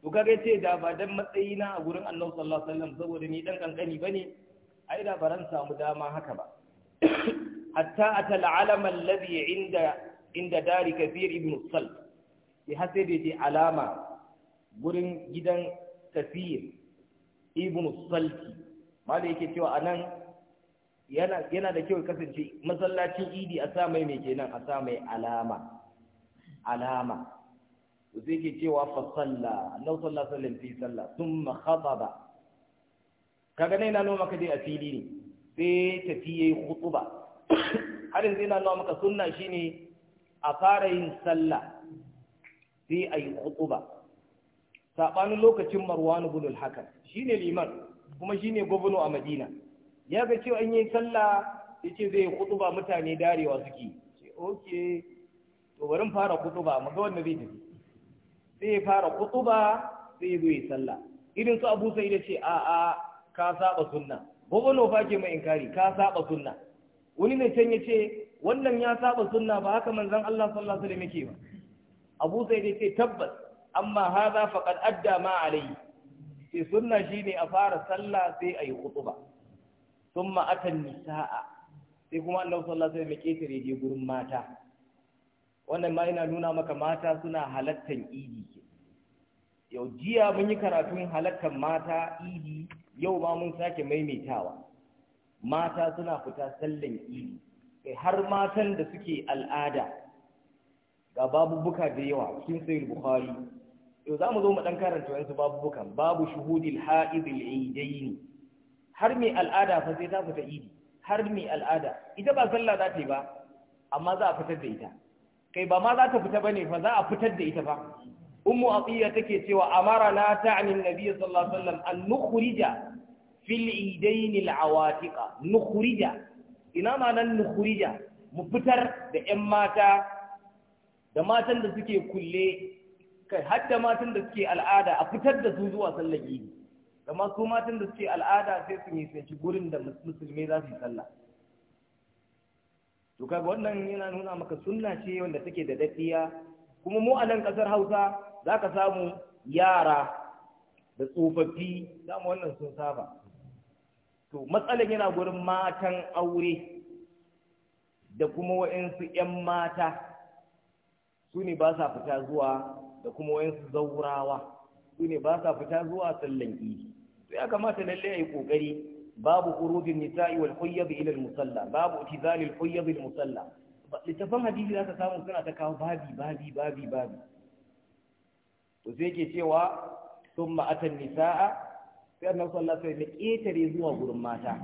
to kaga ce da ba dan matsayi na a gurin Annabi sallallahu alaihi wasallam saboda ni dan kankani bane ai da baran samu dama haka ba hatta atal alama alladhi inda inda dari kafir ibn sal ya har da ce alama gurin gidan kafir ibn salki malai yake cewa anan yana yana da kyau kasance masallacin idi a sa mai mai kenan a sa mai alama alama Zai ke cewa fa salla annabi sallallahu alaihi wasallam fi salla thumma khataba kaga ne na nuna maka dai asili ne sai tafi yayi khutuba har yanzu yana nuna maka sunna shine a fara yin sallah sai a yi hutuba saɓanin lokacin marwanu bulul hakan shine liman kuma shine gwamna a madina ya ga cewa an yi sallah yace zai hukuba mutane darewa suke ce oke to bari fara hukuba mu wanda zai tafi sai fara hukuba sai zo yi sallah irin su Abu Sa'id ce a a ka saba sunna gwamna fa ke mai inkari ka saba sunna wani ne can yace wannan ya saba sunna ba haka manzon Allah sallallahu alaihi wasallam yake ba Abu Sa'id yace tabbas amma hadha faqad adda ma alayhi sai sunna shine a fara sallah sai ayi khutba thumma atan nisaa sai kuma Allah sallallahu alaihi wasallam yake tare da gurin mata wannan ma ina nuna maka mata suna halattan idi ke yau jiya mun yi karatun halattan mata idi yau ma mun sake maimaitawa mata suna fita sallan idi Eh, har matan da suke al'ada ga babubuka da yawa cikin sayar bukhari yau za mu zo mu ɗan karanta wasu babubukan babu shuhudil ha'idil idaini har mai al'ada fa sai ta fita idi har mai al'ada ita ba sallah za ta yi ba amma za a fitar da ita kai ba ma za ta fita bane fa za a fitar da ita fa ummu atiya take cewa amara na ta'ani nabi sallallahu alaihi wasallam an nukhrija fil idaini al awatiqa nukhrija ina ma nan nukhrija mu fitar da ƴan mata da matan da suke kulle kai har da matan da suke al'ada a fitar da su zuwa sallar Da kamar su matan da suke al'ada sai su sai gurin da musulmai za su yi sallah to kaga wannan yana nuna maka sunna ce wanda take da daɗiya kuma mu a nan ƙasar hausa za ka samu yara da tsofaffi samu wannan sun saba to matsalar yana gurin matan aure da kuma wa'insu 'yan mata su ne ba sa fita zuwa da kuma wa'insu zaurawa su ne ba sa fita zuwa sallan idi to ya kamata lalle ya yi ƙoƙari babu ƙurujin nisa'i wal huyyabi ilal musalla babu tizalil huyyabi musalla littafan hadisi za ka samu suna ta kawo babi babi babi babi to sai ke cewa sun ma'atan nisa'a sai annabi sallallahu alaihi wasallam ya ketare zuwa gurin mata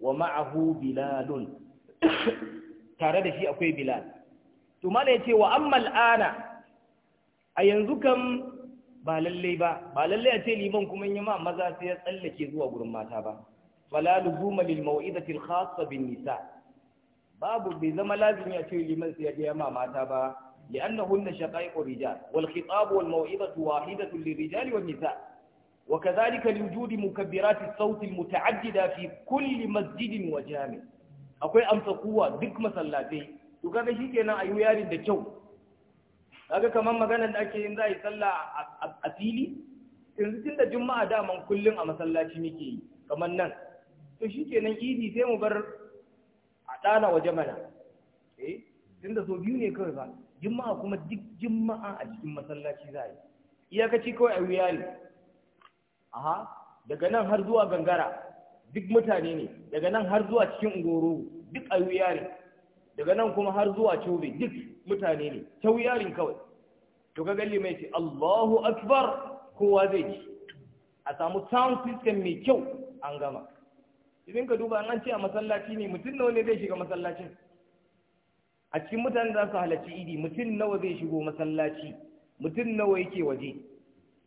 wa ma'ahu biladun tare da shi akwai bilal to mala yace wa ammal ana a yanzu kam ba lallai ba ba lallai a ce liman kuma in yi ma maza sai ya tsallake zuwa gurin mata ba fala luzuma lil maw'idati al khassa bin nisa babu bai zama lazimi ya ce liman sai ya je ma mata ba li'annahunna shaqaiqur rijal wal khitab wal maw'idatu wahidatun lirijal wan nisa' وكذلك لوجود مكبرات الصوت المتعددة في كل مسجد وجامع akwai amsa kuwa duk masallatai to kaga shikenan ayu yarin da kyau kaga kamar maganar da ake yin za a yi sallah a fili yanzu tun da juma'a daman kullum a masallaci muke yi kamar nan to shikenan idi sai mu bar a ɗana waje mana eh tun da so biyu ne kawai ba juma'a kuma duk juma'a a cikin masallaci za a yi iyakaci kawai a wuya aha daga nan har zuwa gangara duk mutane ne daga nan har zuwa cikin goro duk ayuya ne daga nan kuma har zuwa cobe duk mutane ne tauyarin kawai to ga galli mai ce Allahu akbar kowa zai ji a samu sound system mai kyau an gama idan ka duba an ce a masallaci ne mutum nawa ne zai shiga masallacin a cikin mutane za su halarci idi mutum nawa zai shigo masallaci mutum nawa yake waje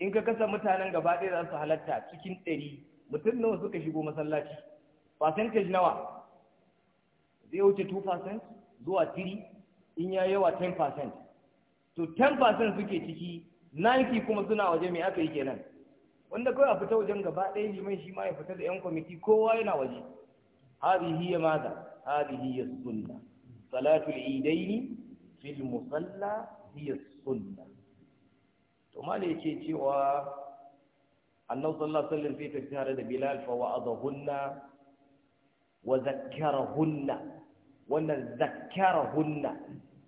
in ka kasa mutanen gaba ɗaya za su halatta cikin ɗari mutum nawa suka shigo masallaci percentage nawa zai wuce 2% zuwa 3 in ya yawa 10% to 10% suke ciki 90 kuma suna waje mai aka yi kenan wanda kawai a fita wajen gaba ɗaya liman shi ma ya fita da 'yan kwamiti kowa yana waje hadihi ya maza hadihi ya sunna salatul idaini fil musalla hiya sunna to mali yake cewa annabi sallallahu alaihi wasallam sai ta tare da bilal fa wa'adahunna wa zakkarahunna wannan zakkarahunna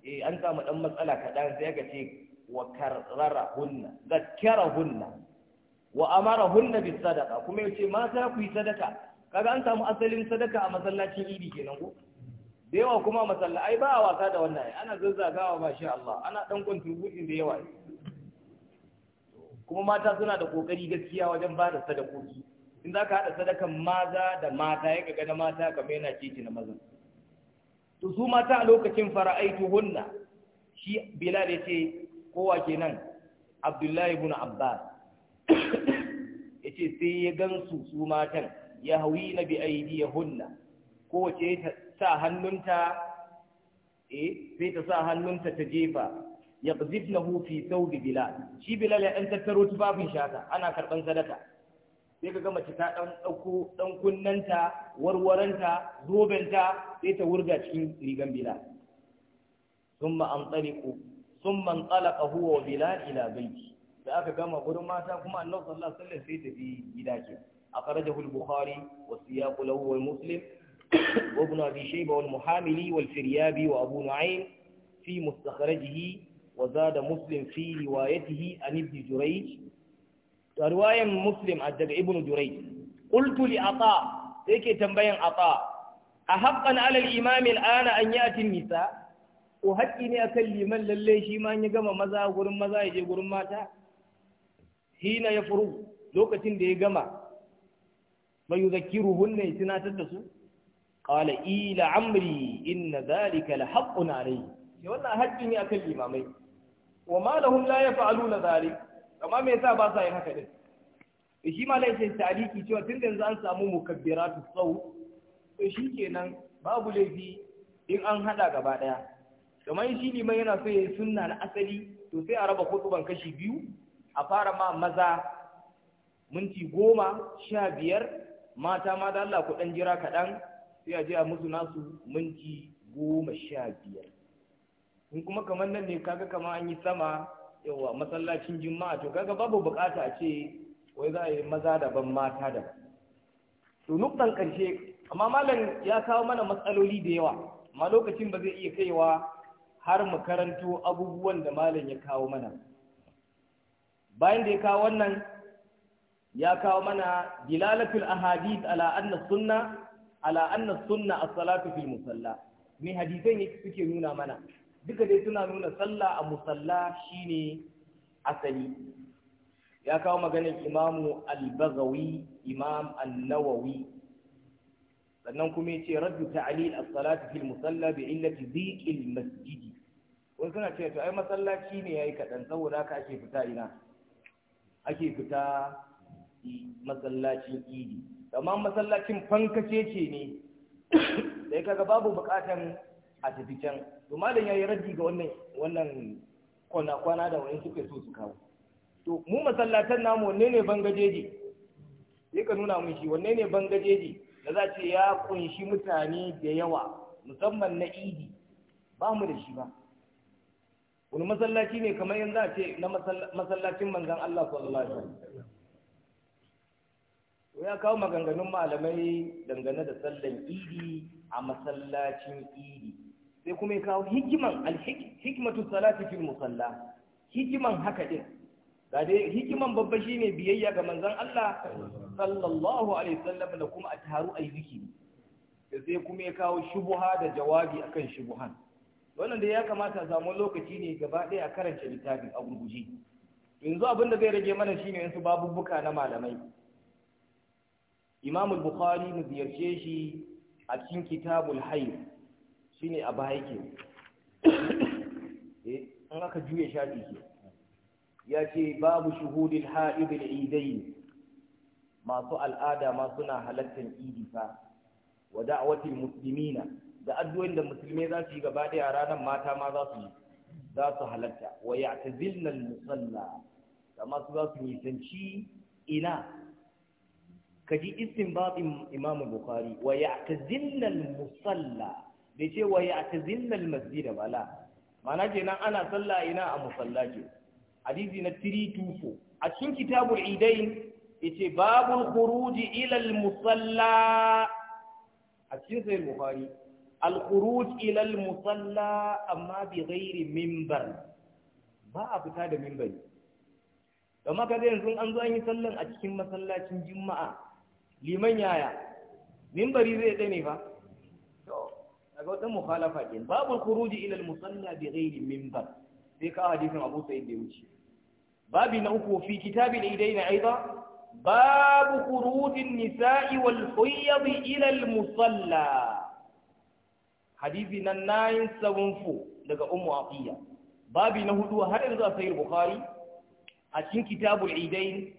eh an samu dan matsala kadan sai ga ce wa karrarahunna zakkarahunna wa amarahunna bis sadaqa kuma yace mata ku yi sadaka kaga an samu asalin sadaka a masallacin idi kenan ko da yawa kuma masalla ai ba a wasa da wannan ana zazzagawa masha Allah ana dan kwantu da yawa kuma mata suna da kokari gaskiya wajen ba da sadakoki in za ka haɗa sadakan maza da mata ya gaga na mata kama yana ceci na maza to su mata a lokacin fara'aitu hunna shi bilal ya ce kowa kenan abdullahi ibn abbas ya ce sai ya gansu su matan ya hawi na bi hunna kowace ta sa eh, sai ta sa hannunta ta jefa yaqzif lahu fi thawbi bilal shi bilal ya dan tattaro tufafin shaka ana karban sadaka sai kaga mace ta dan dauko dan kunnanta warwaranta zobenta sai ta wurga cikin rigan bilal thumma antaliqu thumma antalaqa huwa wa bilal ila baiti da aka gama gurin mata kuma annabi sallallahu alaihi wasallam sai tafi gida ke A akhrajahu al-bukhari wa siyaqu lahu wa muslim وابن أبي شيبة والمحاملي wa abu نعيم fi مستخرجه وزاد مسلم في روايته عن ابن جريج رواية مسلم أجد ابن جريج قلت لعطاء سيكي تنبين عطاء أحقا على الإمام الآن أن يأتي النساء وهكيني أكلي من لليشي ما يقام مزا قرم مزا يجي قرم ماتا حين يفرغ لوكة دي يقام ما يذكرهن يتناتد سوء قال إيل عمري إن ذلك لحق عليه wannan haƙƙi ne akan limamai wa ma lahum la yaf'aluna zalik amma me yasa ba sa yin haka din eh, shi ma laifin tariki cewa tun da yanzu an samu mukabbiratu sau to shikenan babu laifi in an hada gaba daya kamar shi liman yana so ya yi sunna na asali to sai a raba kutuban kashi biyu a fara ma maza minti goma sha biyar mata ma da Allah ku dan jira kaɗan sai a je a musu nasu minti goma sha biyar in kuma kamar nan ne kaga kamar an yi sama yawa masallacin juma'a to kaga babu bukata a ce wai za a yi maza daban mata daban to nuktan karshe amma malam ya kawo mana matsaloli da yawa amma lokacin ba zai iya kaiwa har mu karanto abubuwan da malam ya kawo mana bayan da ya kawo wannan ya kawo mana dilalatul ahadith ala anna sunna ala anna sunna as-salatu fil musalla me hadisan yake suke nuna mana duka dai suna nuna sallah a musalla shine asali ya kawo maganar imamu al-baghawi imam an-nawawi sannan kuma yace raddu ta'lil as-salati fil musalla bi illati dhiqil masjid wani suna cewa to ai masallaci ne yayi kadan saboda ka ake fita ina ake fita masallacin idi amma masallacin fankace ce ne sai kaga babu bukatan a tafi can to malam yayi raddi ga wannan wannan kwana kwana da wani suke so su kawo to mu masallatan namu wanne ne bangajeji sai ka nuna mun shi wanne ne bangajeji da za ce ya kunshi mutane da yawa musamman na idi ba mu da shi ba wani masallaci ne kamar yanzu a ce na masallacin manzan Allah sallallahu alaihi wasallam ya kawo maganganun malamai dangane da sallan idi a masallacin idi sai kuma ya kawo hikiman alhikmatu salati fil musalla hikiman haka din ga dai hikiman babba shine biyayya ga manzon Allah sallallahu alaihi wasallam da kuma a taru ayi zikiri sai kuma ya kawo shubuha da jawabi akan shubuhan wannan da ya kamata a samu lokaci ne gaba ɗaya a karanta littafin a gurguje yanzu abin da zai rage mana shine yansu babubbuka na malamai Imamul bukhari mu ziyarce shi a cikin kitabul hayy ne a baya ke eh an aka juye shaɗi ke ya ce babu shuhudil ha'idil idai masu al'ada ma suna halattar idi fa wa da'watil muslimina da addu'o'in da Musulmi za su yi gaba da ranar mata ma za su yi za su halatta wa ta al-musalla da su za su nisanci ina kaji babin imam bukhari wa ta zinnan musalla da ce wa ya tazinnal masjida bala mana kenan ana sallah ina a musallaci hadisi na 324 a cikin kitabul idain yace babul khuruji ila al musalla a cikin sahih bukhari al khuruj ila al musalla amma bi ghairi minbar ba a fita da minbari don ka yanzu an zo an yi sallan a cikin masallacin juma'a liman yaya minbari zai tsane fa kaga wannan mukhalafa ke babu khuruji ila al-musalla bi ghairi minbar sai ka hadisin Abu Sa'id da wuce babi na uku fi kitabi al-idaina aidan babu khuruji an-nisa'i wal hayyad ila al-musalla hadisi na 974 daga ummu aqiya babi na hudu har yanzu a sahih bukhari a cikin kitabul idain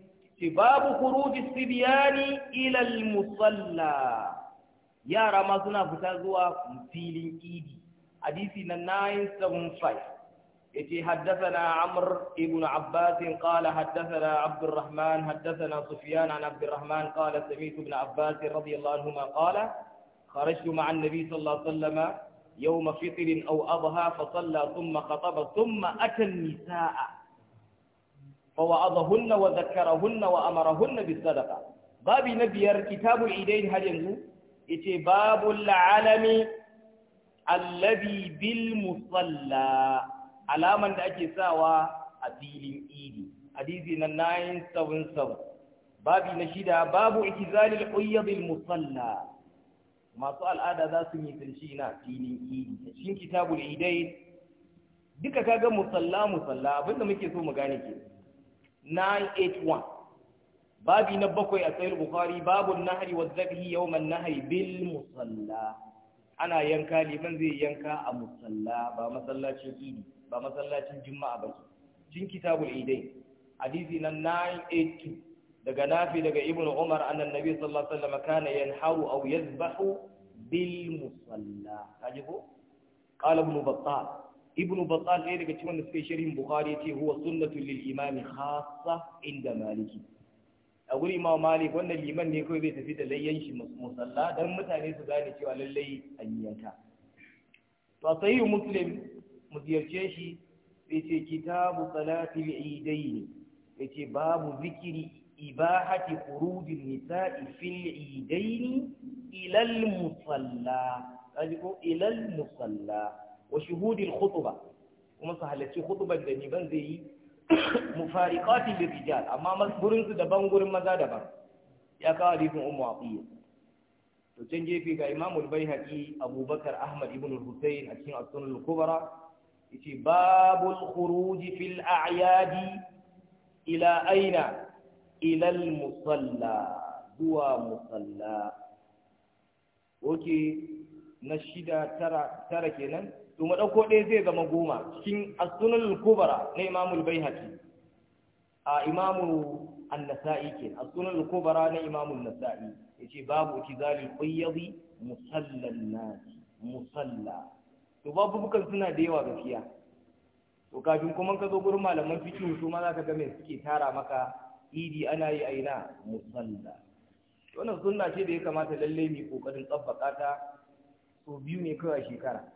babu khuruji as-sibyani ila al-musalla yara ma suna fita zuwa filin idi hadisi na 975 yace haddathana amr ibn abbas qala haddathana abd alrahman haddathana sufyan an abd alrahman qala sami'tu ibn abbas radiyallahu anhuma qala kharajtu ma'a an-nabi sallallahu alaihi wasallam يوم فطر أو أضحى فصلى ثم خطب ثم أتى النساء فوعظهن وذكرهن وأمرهن بالصدقة باب نبيار كتاب العيدين هل ينزل yace babu la'alami allazi bil musalla alaman da ake sawa a filin idi hadisi na 977 babi na shida babu ikizalil quyyad al musalla masu al'ada za su yi tunci na filin idi cikin kitabul idai duka kaga musalla musalla abinda muke so mu gane ke 981 babi na bakwai a sayar bukari babun nahari wa zabi yawman nahari bil musalla ana yanka liman zai yanka a musalla ba masallacin idi ba masallacin juma'a ba cin kitabul idai hadisi na 982 daga nafi daga ibnu umar annan nabi sallallahu alaihi wasallam kana yanharu aw yazbahu bil musalla kaje ko qala ibn battal ibn battal ne daga cikin da suke sharhin bukhari yace huwa sunnatu lil imami khassa inda maliki a guri ma malik wannan liman ne kawai zai tafi da layyan shi musalla don mutane su gane cewa lallai an yanka to sai muslim mu ziyarce shi sai ce kitabu salati al-idayn yace babu zikiri ibahati khuruj an-nisa'i fil idayn ila al-musalla kaji ko ila al-musalla wa shuhud al-khutbah kuma su halarci khutbar da ni ban zai yi mufariqati bil rijal amma gurin su daban gurin maza daban ya kawo hadisin ummu aqiya to can gefe ga Imam al-baihaqi abubakar ahmad ibn al-husayn a cikin as-sunan al-kubra yace babul khuruj fil a'yad ila aina ila al-musalla zuwa musalla oke na shida tara kenan to mu ɗauko ɗaya zai zama goma cikin as-sunan kubra na Imam al-Baihaqi a Imam an-Nasa'i ke as-sunan kubra na Imam al nasai yace babu tizalil qayyadi musallan nas musalla to babu bukan suna da yawa gaskiya to kafin kuma ka zo gurin malaman fiqh su ma zaka ga me suke tara maka idi ana yi aina musalla wannan sunna ce da ya kamata lallai mai ƙoƙarin tsabbaka ta so biyu ne kawai shekara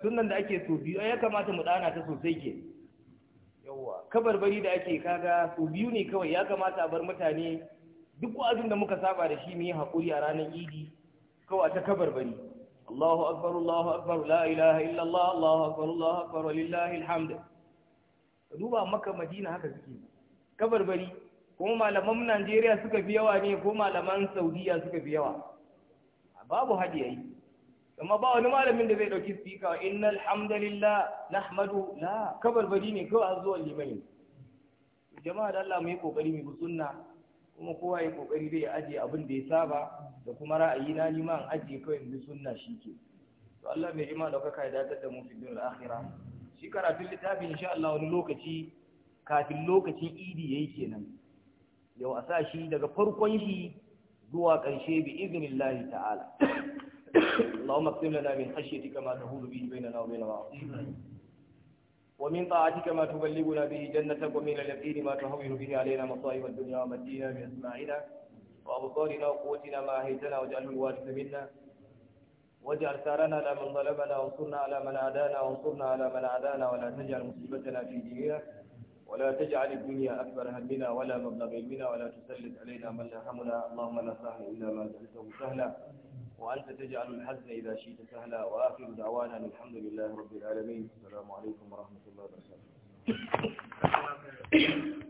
sunan da ake so biyu ya kamata mu dana ta sosai ke yawa kabarbari da ake kaga so biyu ne kawai ya kamata a bar mutane duk wa'azin da muka saba da shi mu yi hakuri a ranar idi kawai ta kabarbari Allahu akbar Allahu akbar la ilaha illa Allah Allahu akbar Allahu akbar lillahi alhamd duba makka madina haka suke kabarbari ko malaman Najeriya suka fi yawa ne ko malaman Saudiya suka fi yawa babu hadiyayi amma ba wani malamin da zai dauki sika innal hamdalillah nahmadu la kabarbari ne kawai a zuwa limani jama'a da Allah mu yi kokari mu sunna kuma kowa ya kokari zai ajiye abin da ya saba da kuma ra'ayi na lima an ajiye kawai mu sunna shike to Allah mai jima daukaka ya datar da mu fi dunyar akhira shi karatun littafi insha Allah wani lokaci kafin lokacin idi yayi kenan yau a sa shi daga farkon shi zuwa karshe bi iznillahi ta'ala اللهم اقسم لنا من خشيتك ما تهول به بيننا وبين معاصيك ومن طاعتك ما تبلغنا به جنتك ومن اليقين ما تهون به علينا مصائب الدنيا ومدينا بأسماعنا وأبصارنا وقوتنا ما أهيتنا واجعله الوارث منا واجعل ثارنا على من ظلمنا وانصرنا على من عادانا وانصرنا على من عادانا ولا تجعل مصيبتنا في ديننا ولا تجعل الدنيا أكبر همنا ولا مبلغ علمنا ولا تسلط علينا من لا همنا اللهم لا سهل إلا ما جعلته سهلا وأنت تجعل الحزن إذا شئت سهلا وآخر دعوانا الحمد لله رب العالمين السلام عليكم ورحمة الله وبركاته